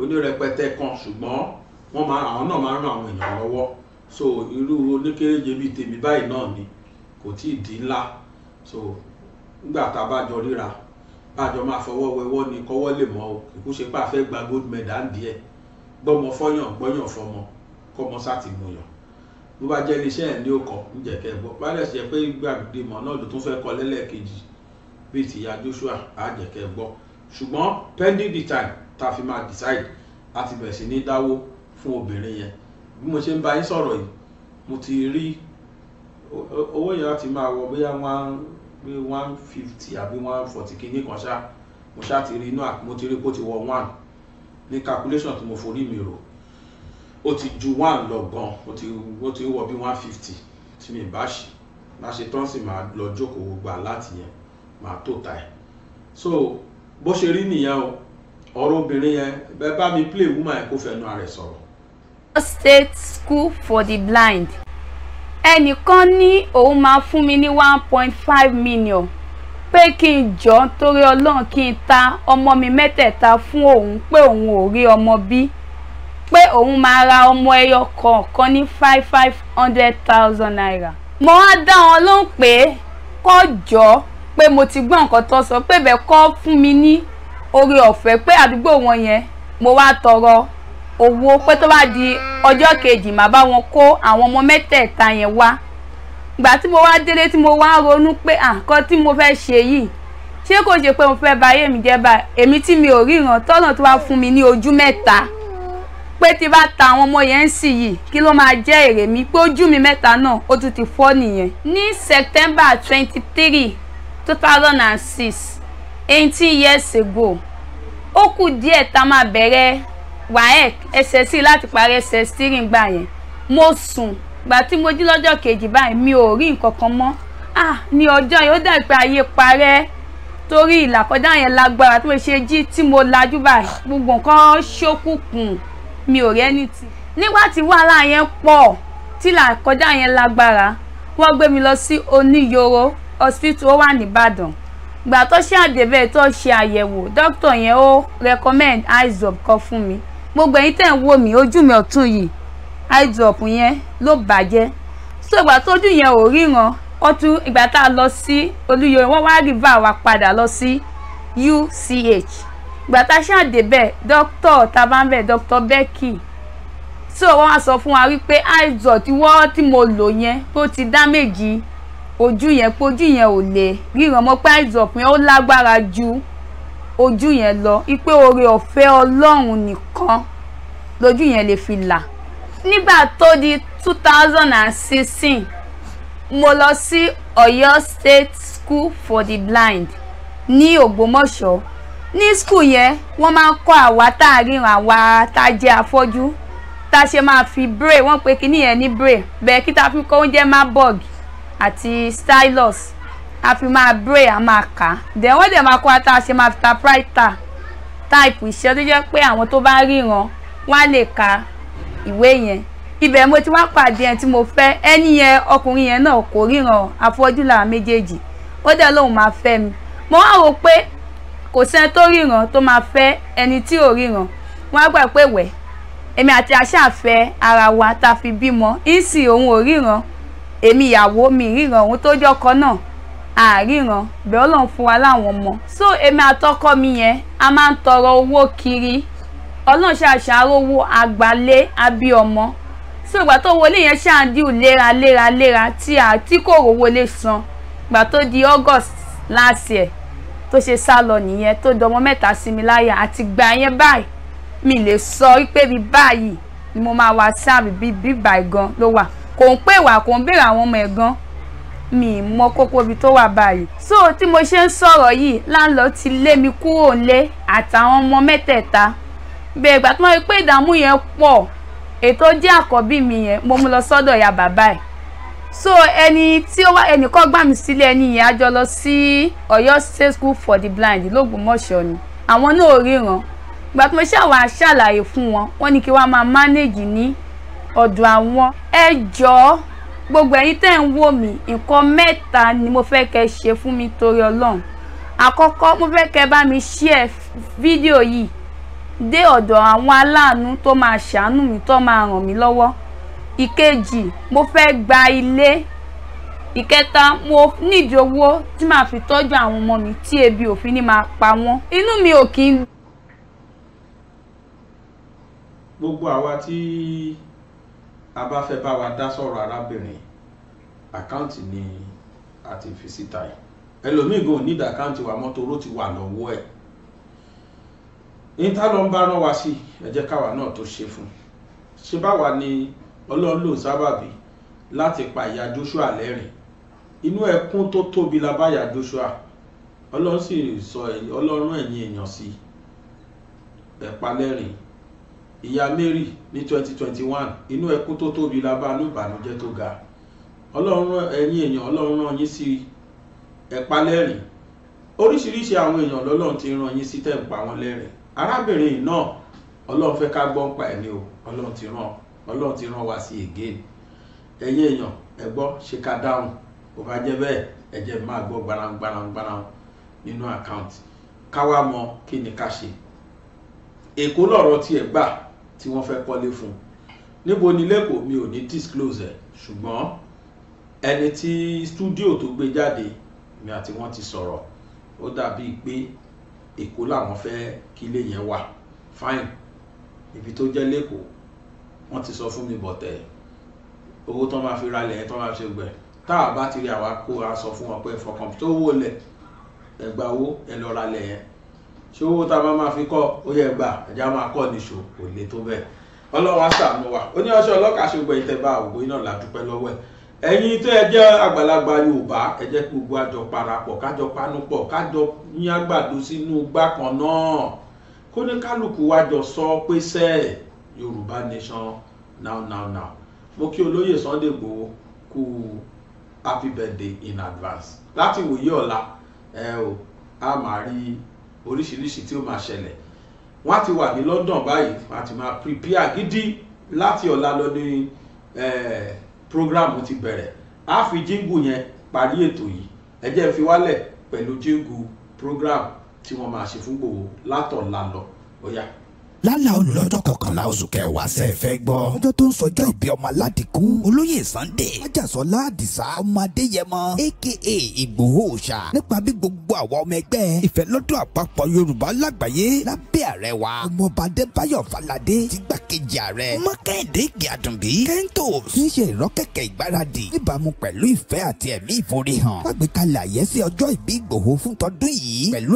onírẹpẹtẹ kan ṣùgbọ́n wọ́n máa àwọn náà máa ń ran àwọn èèyàn lọ́wọ́ so irú oníkéréje bíi tèmi báyìí náà ni kò tí ì dín ńlá so nígbà tá a bá jọ ríra àjọ máa fọwọ́ wẹwọ́ ni kọ́wọ́ lè mọ́ o kò ṣe pé a fẹ́ gba gold medal ń díẹ̀ gbọ́mọ fọ́yàn gbọ́yàn fọmọ kọ́mọ sáti mú yàn bó bá jẹ́ iléeṣẹ́ ẹ̀ ní òkọ̀ níjẹ̀ kẹ́gbọ́ bálẹ̀ ṣe pé gbàgbé mọ̀ náà ló tún fẹ́ kọ lẹ́lẹ́kejì bíi tìyá Joshua àjẹ̀ kẹ́gbọ́ ṣùgbọ́n pending the time ta fi máa decide àti bẹ̀rẹ̀ sí ní dáwó fún obìnrin yẹn bí mo ṣe ń bá yín sọ̀rọ̀ yìí mo ti rí owó yẹn láti máa wọ bóyá one pé one fifty àbí one forty kìíní kan ṣá mo ṣá ti rí inú àpò mo ti rí pé ti wọ one ní calculation tí mo forí mi rò ó ti ju one lọ gan ó ti wọ bí one fifty tí mi bá ṣe bá ṣe tán sì máa lọ jókòó gbà láti yẹn máa tó ta ẹ̀ so bó ṣe rí nìyẹn o ọ̀rọ̀ obìnrin yẹn bẹ́ẹ̀ bá mi play woman yẹn kó fẹnu ara ẹ̀ sọ̀rọ̀. State School for the Blind ẹnìkan ní òun máa fún mi ní one point five million pé kí n jọ torí ọlọ́run kí n ta ọmọ mi mẹ́tẹ̀ẹ̀ta fún òun pé òun ò rí ọmọ bí pé òun máa ra ọmọ ẹyọ kọ̀ọ̀kan ní five five hundred thousand naira mo wá dá wọn lóhùn pé kọ́ jọ pé mo ti gbọ́ nǹkan tó sọ pé bẹ́ẹ̀ kọ́ fún mi ní oore ọ̀fẹ́ pé àdúgbò wọn yẹn mo wá tọrọ owó pé tó bá di ọjọ́ kejì màá bá wọn kó àwọn ọmọ mẹ́tẹ̀ẹ̀ta yẹn wá gbà tí mo wá délé tí mo wá ronú pé àǹkan tí mo fẹ́ ṣe yìí ṣé kò ṣe pé mo fẹ́ ba ayé mi jẹ́ ba èmi tí mi ò ríran tọ́nà tó wá fún mi ní ojú mẹ́ta pé tí bá ta àwọn ọmọ yẹn ń sì yìí kí ló máa jẹ́ èrè mi pé ojú mi mẹ́ta náà ó tún ti fọ́ nìyẹn. ní September twenty three two thousand and six eighteen years ago ó kù díẹ̀ tá máa bẹ̀rẹ̀ waec ss láti parí ss three gbà yẹn mo sùn gbà tí mo jí lọ́jọ́ kejì báyìí mi ò rí nǹkan kan mọ́ ah ní ọjọ́ yìí ó dà pé ayé parẹ́ torí ìlàkọjá yẹn lágbára tí mo ṣe jí tí mo lajú báyìí gbogbo nǹkan ṣókùnkùn mi ò rẹ́ni tì nígbà tí wàhálà yẹn pọ̀ tí ìlàkọjá yẹn lágbára wọ́n gbé mi lọ sí oníyoro hospital ó wà nìbàdàn gbà tó ṣe àdébẹ̀ tó ṣe àyẹ̀wò dókítà yẹn ó recommend eyes up kan fún mi gbogbo ẹ̀yin tẹ́ ń wò mí ojú mi ọ̀tún yìí eye drop yẹn ló bàjẹ́ so ìgbà tójú yẹn ò ríran ọtún ìgbà tá a lọ sí olúyọrin wọ́n wá rìvà wa padà lọ sí UCH ìgbà tá a ṣáà débẹ̀ dókítọ̀ tá dr bá ń bẹ̀ dókítọ̀ Becky so wọ́n á sọ fún wa wípé eye drop tí wọ́n tí mo lò yẹn tó ti damage ojú yẹn pójú yẹn ò lè ríran mọ́ pé eye yẹn ó lágbára ju ojú yẹn lọ ipe oore ọ̀fẹ́ ọlọ́run nìkan lójú yẹn lè fi là nígbà tó di two thousand and sixteen mo lọ sí Ọ̀yọ́ State School for the Blind ní Ògbómọ̀ṣọ́ ní skul yẹn wọ́n máa ń kọ́ àwa tá a ríran àwa tá a jẹ́ afọ́jú tá a ṣe máa fi braille wọ́n pe kinní yẹn ní braille bẹ́ẹ̀ kí tá fi kọ́ oúnjẹ marburg àti stylus a fi máa bray a máa kà á dẹ̀ wọ́n dẹ̀ máa kọ́ ata ṣe máa fi typewriter táìpù iṣẹ́ tó jẹ́ pé àwọn tó bá ríran wọ́n á lè ka ìwé yẹn ibẹ̀ mo ti wá pàdé ẹni tí mo fẹ́ ẹni yẹn ọkùnrin yẹn náà kò ríran afọ́jú làwọn méjèèjì ó dẹ̀ lóun máa fẹ́ mi mo wá rò pé kò sẹ́ni tó ríran tó máa fẹ́ ẹni tí ò ríran wọ́n á gbà pé wẹ̀ èmi àti aṣáàfẹ́ ara wa ta fi bímọ ìsìn òun ò ríran èmi ìyàwó mi ríran òun tó jọkọ náà àríran bẹ́ẹ̀ ọlọ́run fún wa láwọn ọmọ so èmi àtọkọ mi yẹn a máa ń tọrọ owó kiri ọlọ́run ṣàṣàrò owó àgbálé àbí ọmọ so ìgbà tó wọlé yẹn ṣáà ń díù léraléraléra tí a tí kò rówó lè san ìgbà tó di August last year tó ṣe sá lọ nìyẹn tó dọmọ mẹ́ta sí mi láyà àti gbà yẹn báyìí mi lè sọ wípé mi báyìí ni mo máa wá sáà bíbí bíbà gan ló wà kò ń pè wá kò ń béèrè àwọn ọmọ ẹ̀ gan mi mọ kókó ibi tó wà báyìí so tí mo ṣe ń sọ̀rọ̀ yìí láńlọ́ọ̀ ti lé mi kúrò nílé àtàwọn ọmọ mẹ́tẹ̀ẹ̀ta bẹ́ẹ̀ ìgbà tí wọ́n rí pé ìdààmú yẹn pọ̀ ètò jẹ́ àkọ́bí mi yẹn mo mú lọ sọ́dọ̀ ìyá bàbá ẹ̀ so ẹni tí ó wá ẹnìkan gbà mí sílẹ̀ ẹni yẹn á jọ lọ sí Ọ̀yọ́ State School for the Blind l'Ógbómọ̀ṣọ́ ni àwọn náà ò ríran ìgbà tí mo ṣàwà ṣàlàyé fún wọn wọ́n ní kí wọ́n máa manage ní ọ̀dọ̀ àwọn ẹ jọ̀ọ́ gbogbo ẹ̀yin tẹ́ ń wò mí nǹkan mẹ́ta ni mo fẹ́ kẹ́ ṣe fún mi torí ọlọ́run àkọ́kọ́ mo fẹ́ kẹ́ bá mi share fídíò yìí dé ọ̀dọ̀ àwọn aláàánú tó máa ṣàánú mi tó máa ràn mí lọ́wọ́ ìkejì mo fẹ́ gba ilé ìkẹta mo nídìí owó tí màá fi tọ́jú àwọn ọmọ mi tí ebi òfin ni máa pa wọ́n inú mi ò kí ń. gbogbo àwa tí. Tí a bá fẹ́ bá wa dá sọ̀rọ̀ arábìnrin àkáǹtì ni a ti fi síta yìí ẹlòmíì gan ní àkáǹtì wa mọ́tò oró ti wà lọ́wọ́ ẹ̀ ní tá ló ń bá rán wa sí ẹ jẹ́ káwa náà tó ṣe fún ṣe báwa ni ọlọ́run ló ń sábàbí láti pa ìyá Joshua lẹ́rìn inú ẹkún tó tóbi la bá ìyá Joshua ọlọ́run sì sọ ọlọ́run ẹ̀yìn èèyàn sí ẹ̀pá lẹ́rìn ìyá mary ní 2021 inú ẹkún tó tóbi la bá lóbànújẹ́ tó ga ọlọ́run ẹ̀yin èèyàn ọlọ́run rán yín sí ẹ̀pá lẹ́rìn oríṣiríṣi àwọn èèyàn lọ́lọ́run ti rán yín sí tẹ̀m̀pá wọn lẹ́rìn arábìnrin yìí náà ọlọ́run fẹ́ ká gbọ́ ń pa ẹ̀ ní o ọlọ́run ti rán ọlọ́run ti rán wa sí again ẹ̀yin èèyàn ẹ gbọ́ ṣe ká dáhùn kò bá jẹ́ bẹ́ẹ̀ ẹ jẹ́ máa gbọ́ gbarangbaraǹgbaraǹ nínú àkáǹtì ká wá mọ kí ni ká ṣe èkó lọ̀rọ̀ tiẹ̀ gbà tí wọ́n fẹ́ kọ́lé fún un níbo ni lẹ́kọ̀ọ́ mi ò ní disclose ẹ̀ ṣùgbọ́n ẹni tí stúdíò tó gbé jáde mi àti wọ́n ti sọ̀rọ̀ ó dàbí pé èkó làwọn fẹ́ kí ilé yẹn wà fine ibi tó jẹ́ lẹ́kọ̀ọ́ wọ́n ti sọ fún mi bọ̀tẹ̀ eh, owó tó máa fi ralẹ̀ tó máa fi gbẹ̀ tá a bá ti rí àwa kó a sọ fún wọn pé fọkàn tó wó lẹ̀ ẹgbàá owó ẹ lọ ralẹ̀ yẹn ṣé owó tá a máa máa fi kọ́ ó yẹ gbà ẹ̀já máa kọ́ níṣó kò le tó bẹ́ẹ̀ ọlọ́run á wa ó ní ọṣọ ọlọ́kà ṣe gbọ́ ìtẹ̀bá ògbó iná làdúpẹ́ lọ́wọ́ ẹ̀ ẹ̀yin tó ẹ jẹ́ àgbàlagbà yorùbá ẹ jẹ́ kí gbogbo àjọ parapọ̀ kájọ panupọ̀ kájọ yín àgbàdo sínú igbá kan náà kó ní kálukú wa jọ sọ pé sẹ́ yorùbá nation now now now mo kí olóyè sunday gbowó kú happy birthday in advance láti wòye ọ̀la ẹ o a máa rí oríṣiríṣi tí ó máa ṣẹlẹ̀ wọ́n ti wà ní London báyìí wọ́n ti máa prepare gidi láti ọ̀la lọ ní program ti bẹ̀rẹ̀ á fi jíngù yẹn parí ètò yìí ẹ fi wálẹ̀ pẹ̀lú jíngù program tí wọ́n máa ṣe fún gbòòwò látọ̀la lọ ó Oh, yeah lálà ọlọ́jọ́ kọkànlá oṣù kẹwàá ṣe fẹ́ gbọ́. ọjọ́ tó ń sọjọ́ ìbí ọmọ aládìkú olóyè Sunday ajásọlá àdìsá ọmọ adéyẹmọ aka ìgbòho òòṣà nípa bí gbogbo àwọn ọmọ ẹgbẹ́ ìfẹ́lọ́dún àpapọ̀ yorùbá lágbàáyé lábẹ́ ààrẹ wa ọmọọba adébáyọ̀ faládé ti gbàkejì ààrẹ mọ́kẹ́hìndé gíadùnbí kentos ń ṣe ìrọ́kẹ̀kẹ̀ ìgbáradì níbàámu pẹ̀lú ìfẹ́ àti ẹ̀mí ìforihàn lágbèkalẹ̀ àyẹ́sí ọjọ́ ìbí ìgbòho fún tọdún yìí pẹ̀lú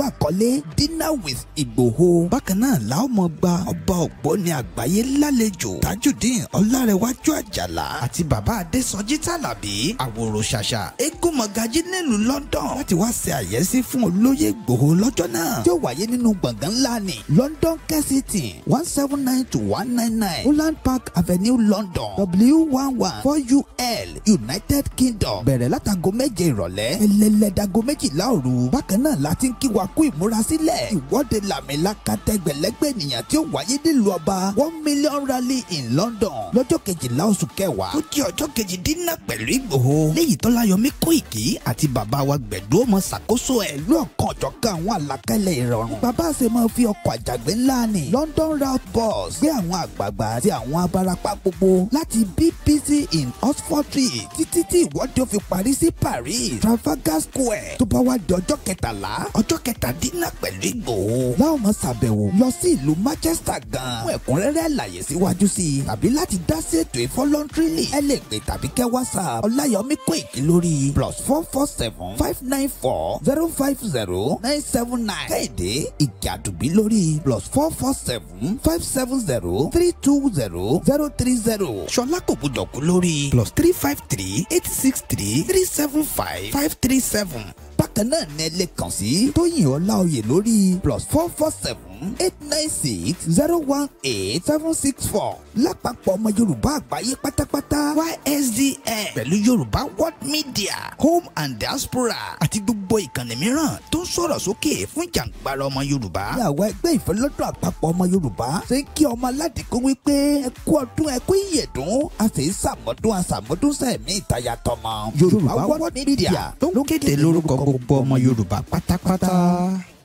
dinner with ìgbòho bákan náà làwọn ọba ògbóni àgbáyé lálejò tajudeen ọlárẹwájú àjàlá àti bàbá adésọjí tàlàbí àwòrò ṣàṣà egunmọ̀gájí nílùú london láti wá ṣe àyẹ́sí fún olóyè ìgbòho lọ́jọ́ náà tí ó wáyé nínú gbọ̀ngàn ńlá ni london kensington one seven nine to one nine nine holland park avenue london w one one four ul united kingdom bẹ̀rẹ̀ látago méje ìrọ̀lẹ́ ẹlẹ́lẹ́dago méjìlá òru bákan náà láti ń kí wa kú ìmúrasílẹ̀ ìwọ́de làmìlaka tẹgbẹ̀lẹ́gbẹ̀ ènìyàn tí ó wáyé nílùú ọba one million rally in London lọ́jọ́ kejìlá oṣù kẹwàá ó jẹ́ ọjọ́ kejìdínlá pẹ̀lú Ìgbòho léyìí Tọ́láyọmí Kóìkì àti bàbá wa Gbẹ̀du ọmọ ṣàkóso ẹ̀ lọ́ọ̀kan ọ̀jọ̀kan àwọn àlàkálẹ̀ ìrọ̀rùn bàbá ṣe máa fi ọkọ̀ àjàgbé ńlá ni London route bus gbé àwọn àgbààgbà àti àwọn abarapá gbogbo láti BBC in Oxford Street títí tí ìwọ́de ó fi parí sí Paris Trafalgar Square tó bá wá di ọjọ́ kẹtàlá ọjọ́ kẹtàdínlá pẹ̀lú Ìgbòho láwọn máa ṣàbẹ̀wò lọ sí ìlú Manchester Manchester gan. fún ẹ̀kúnrẹ́rẹ́ àlàyé síwájú sí i tàbí láti dá sí ètò ìfọlọ́ntìrìlì ẹ lè pè tàbí kẹ́ WhatsApp Ọláyọmí Kóìkì lórí plus four four seven five nine four zero five zero nine seven nine Kẹ́hìndé Ìgàdùbí lórí plus four four seven five seven zero three two zero zero three zero Ṣọlá kò gbúdọ̀ kú lórí plus three five three eight six three three seven five five three seven bákan náà ni ẹ lè kàn sí Tóyìn Ọláoyè lórí plus four four seven seven eight nine six zero one eight seven six four lápapọ̀ ọmọ yorùbá àgbáyé pátápátá ysdn pẹ̀lú yorùbá world media home and diaspora àti gbogbo ìkànnì mìíràn tó ń sọ̀rọ̀ sókè fún jàǹgbara ọmọ yorùbá. ní àwọn ẹgbẹ́ ìfọlọ́dún àpapọ̀ ọmọ yorùbá ṣe ń kí ọmọ aládìkú wípé ẹ kú ọdún ẹ kú ìyẹ̀dún a sì ń ṣàmọ́dún àṣàmọ́dún sẹ̀mí ìtayà tọmọ. yorùbá world media ló kéde lórúkọ gbogbo ọmọ yorùbá pátápátá.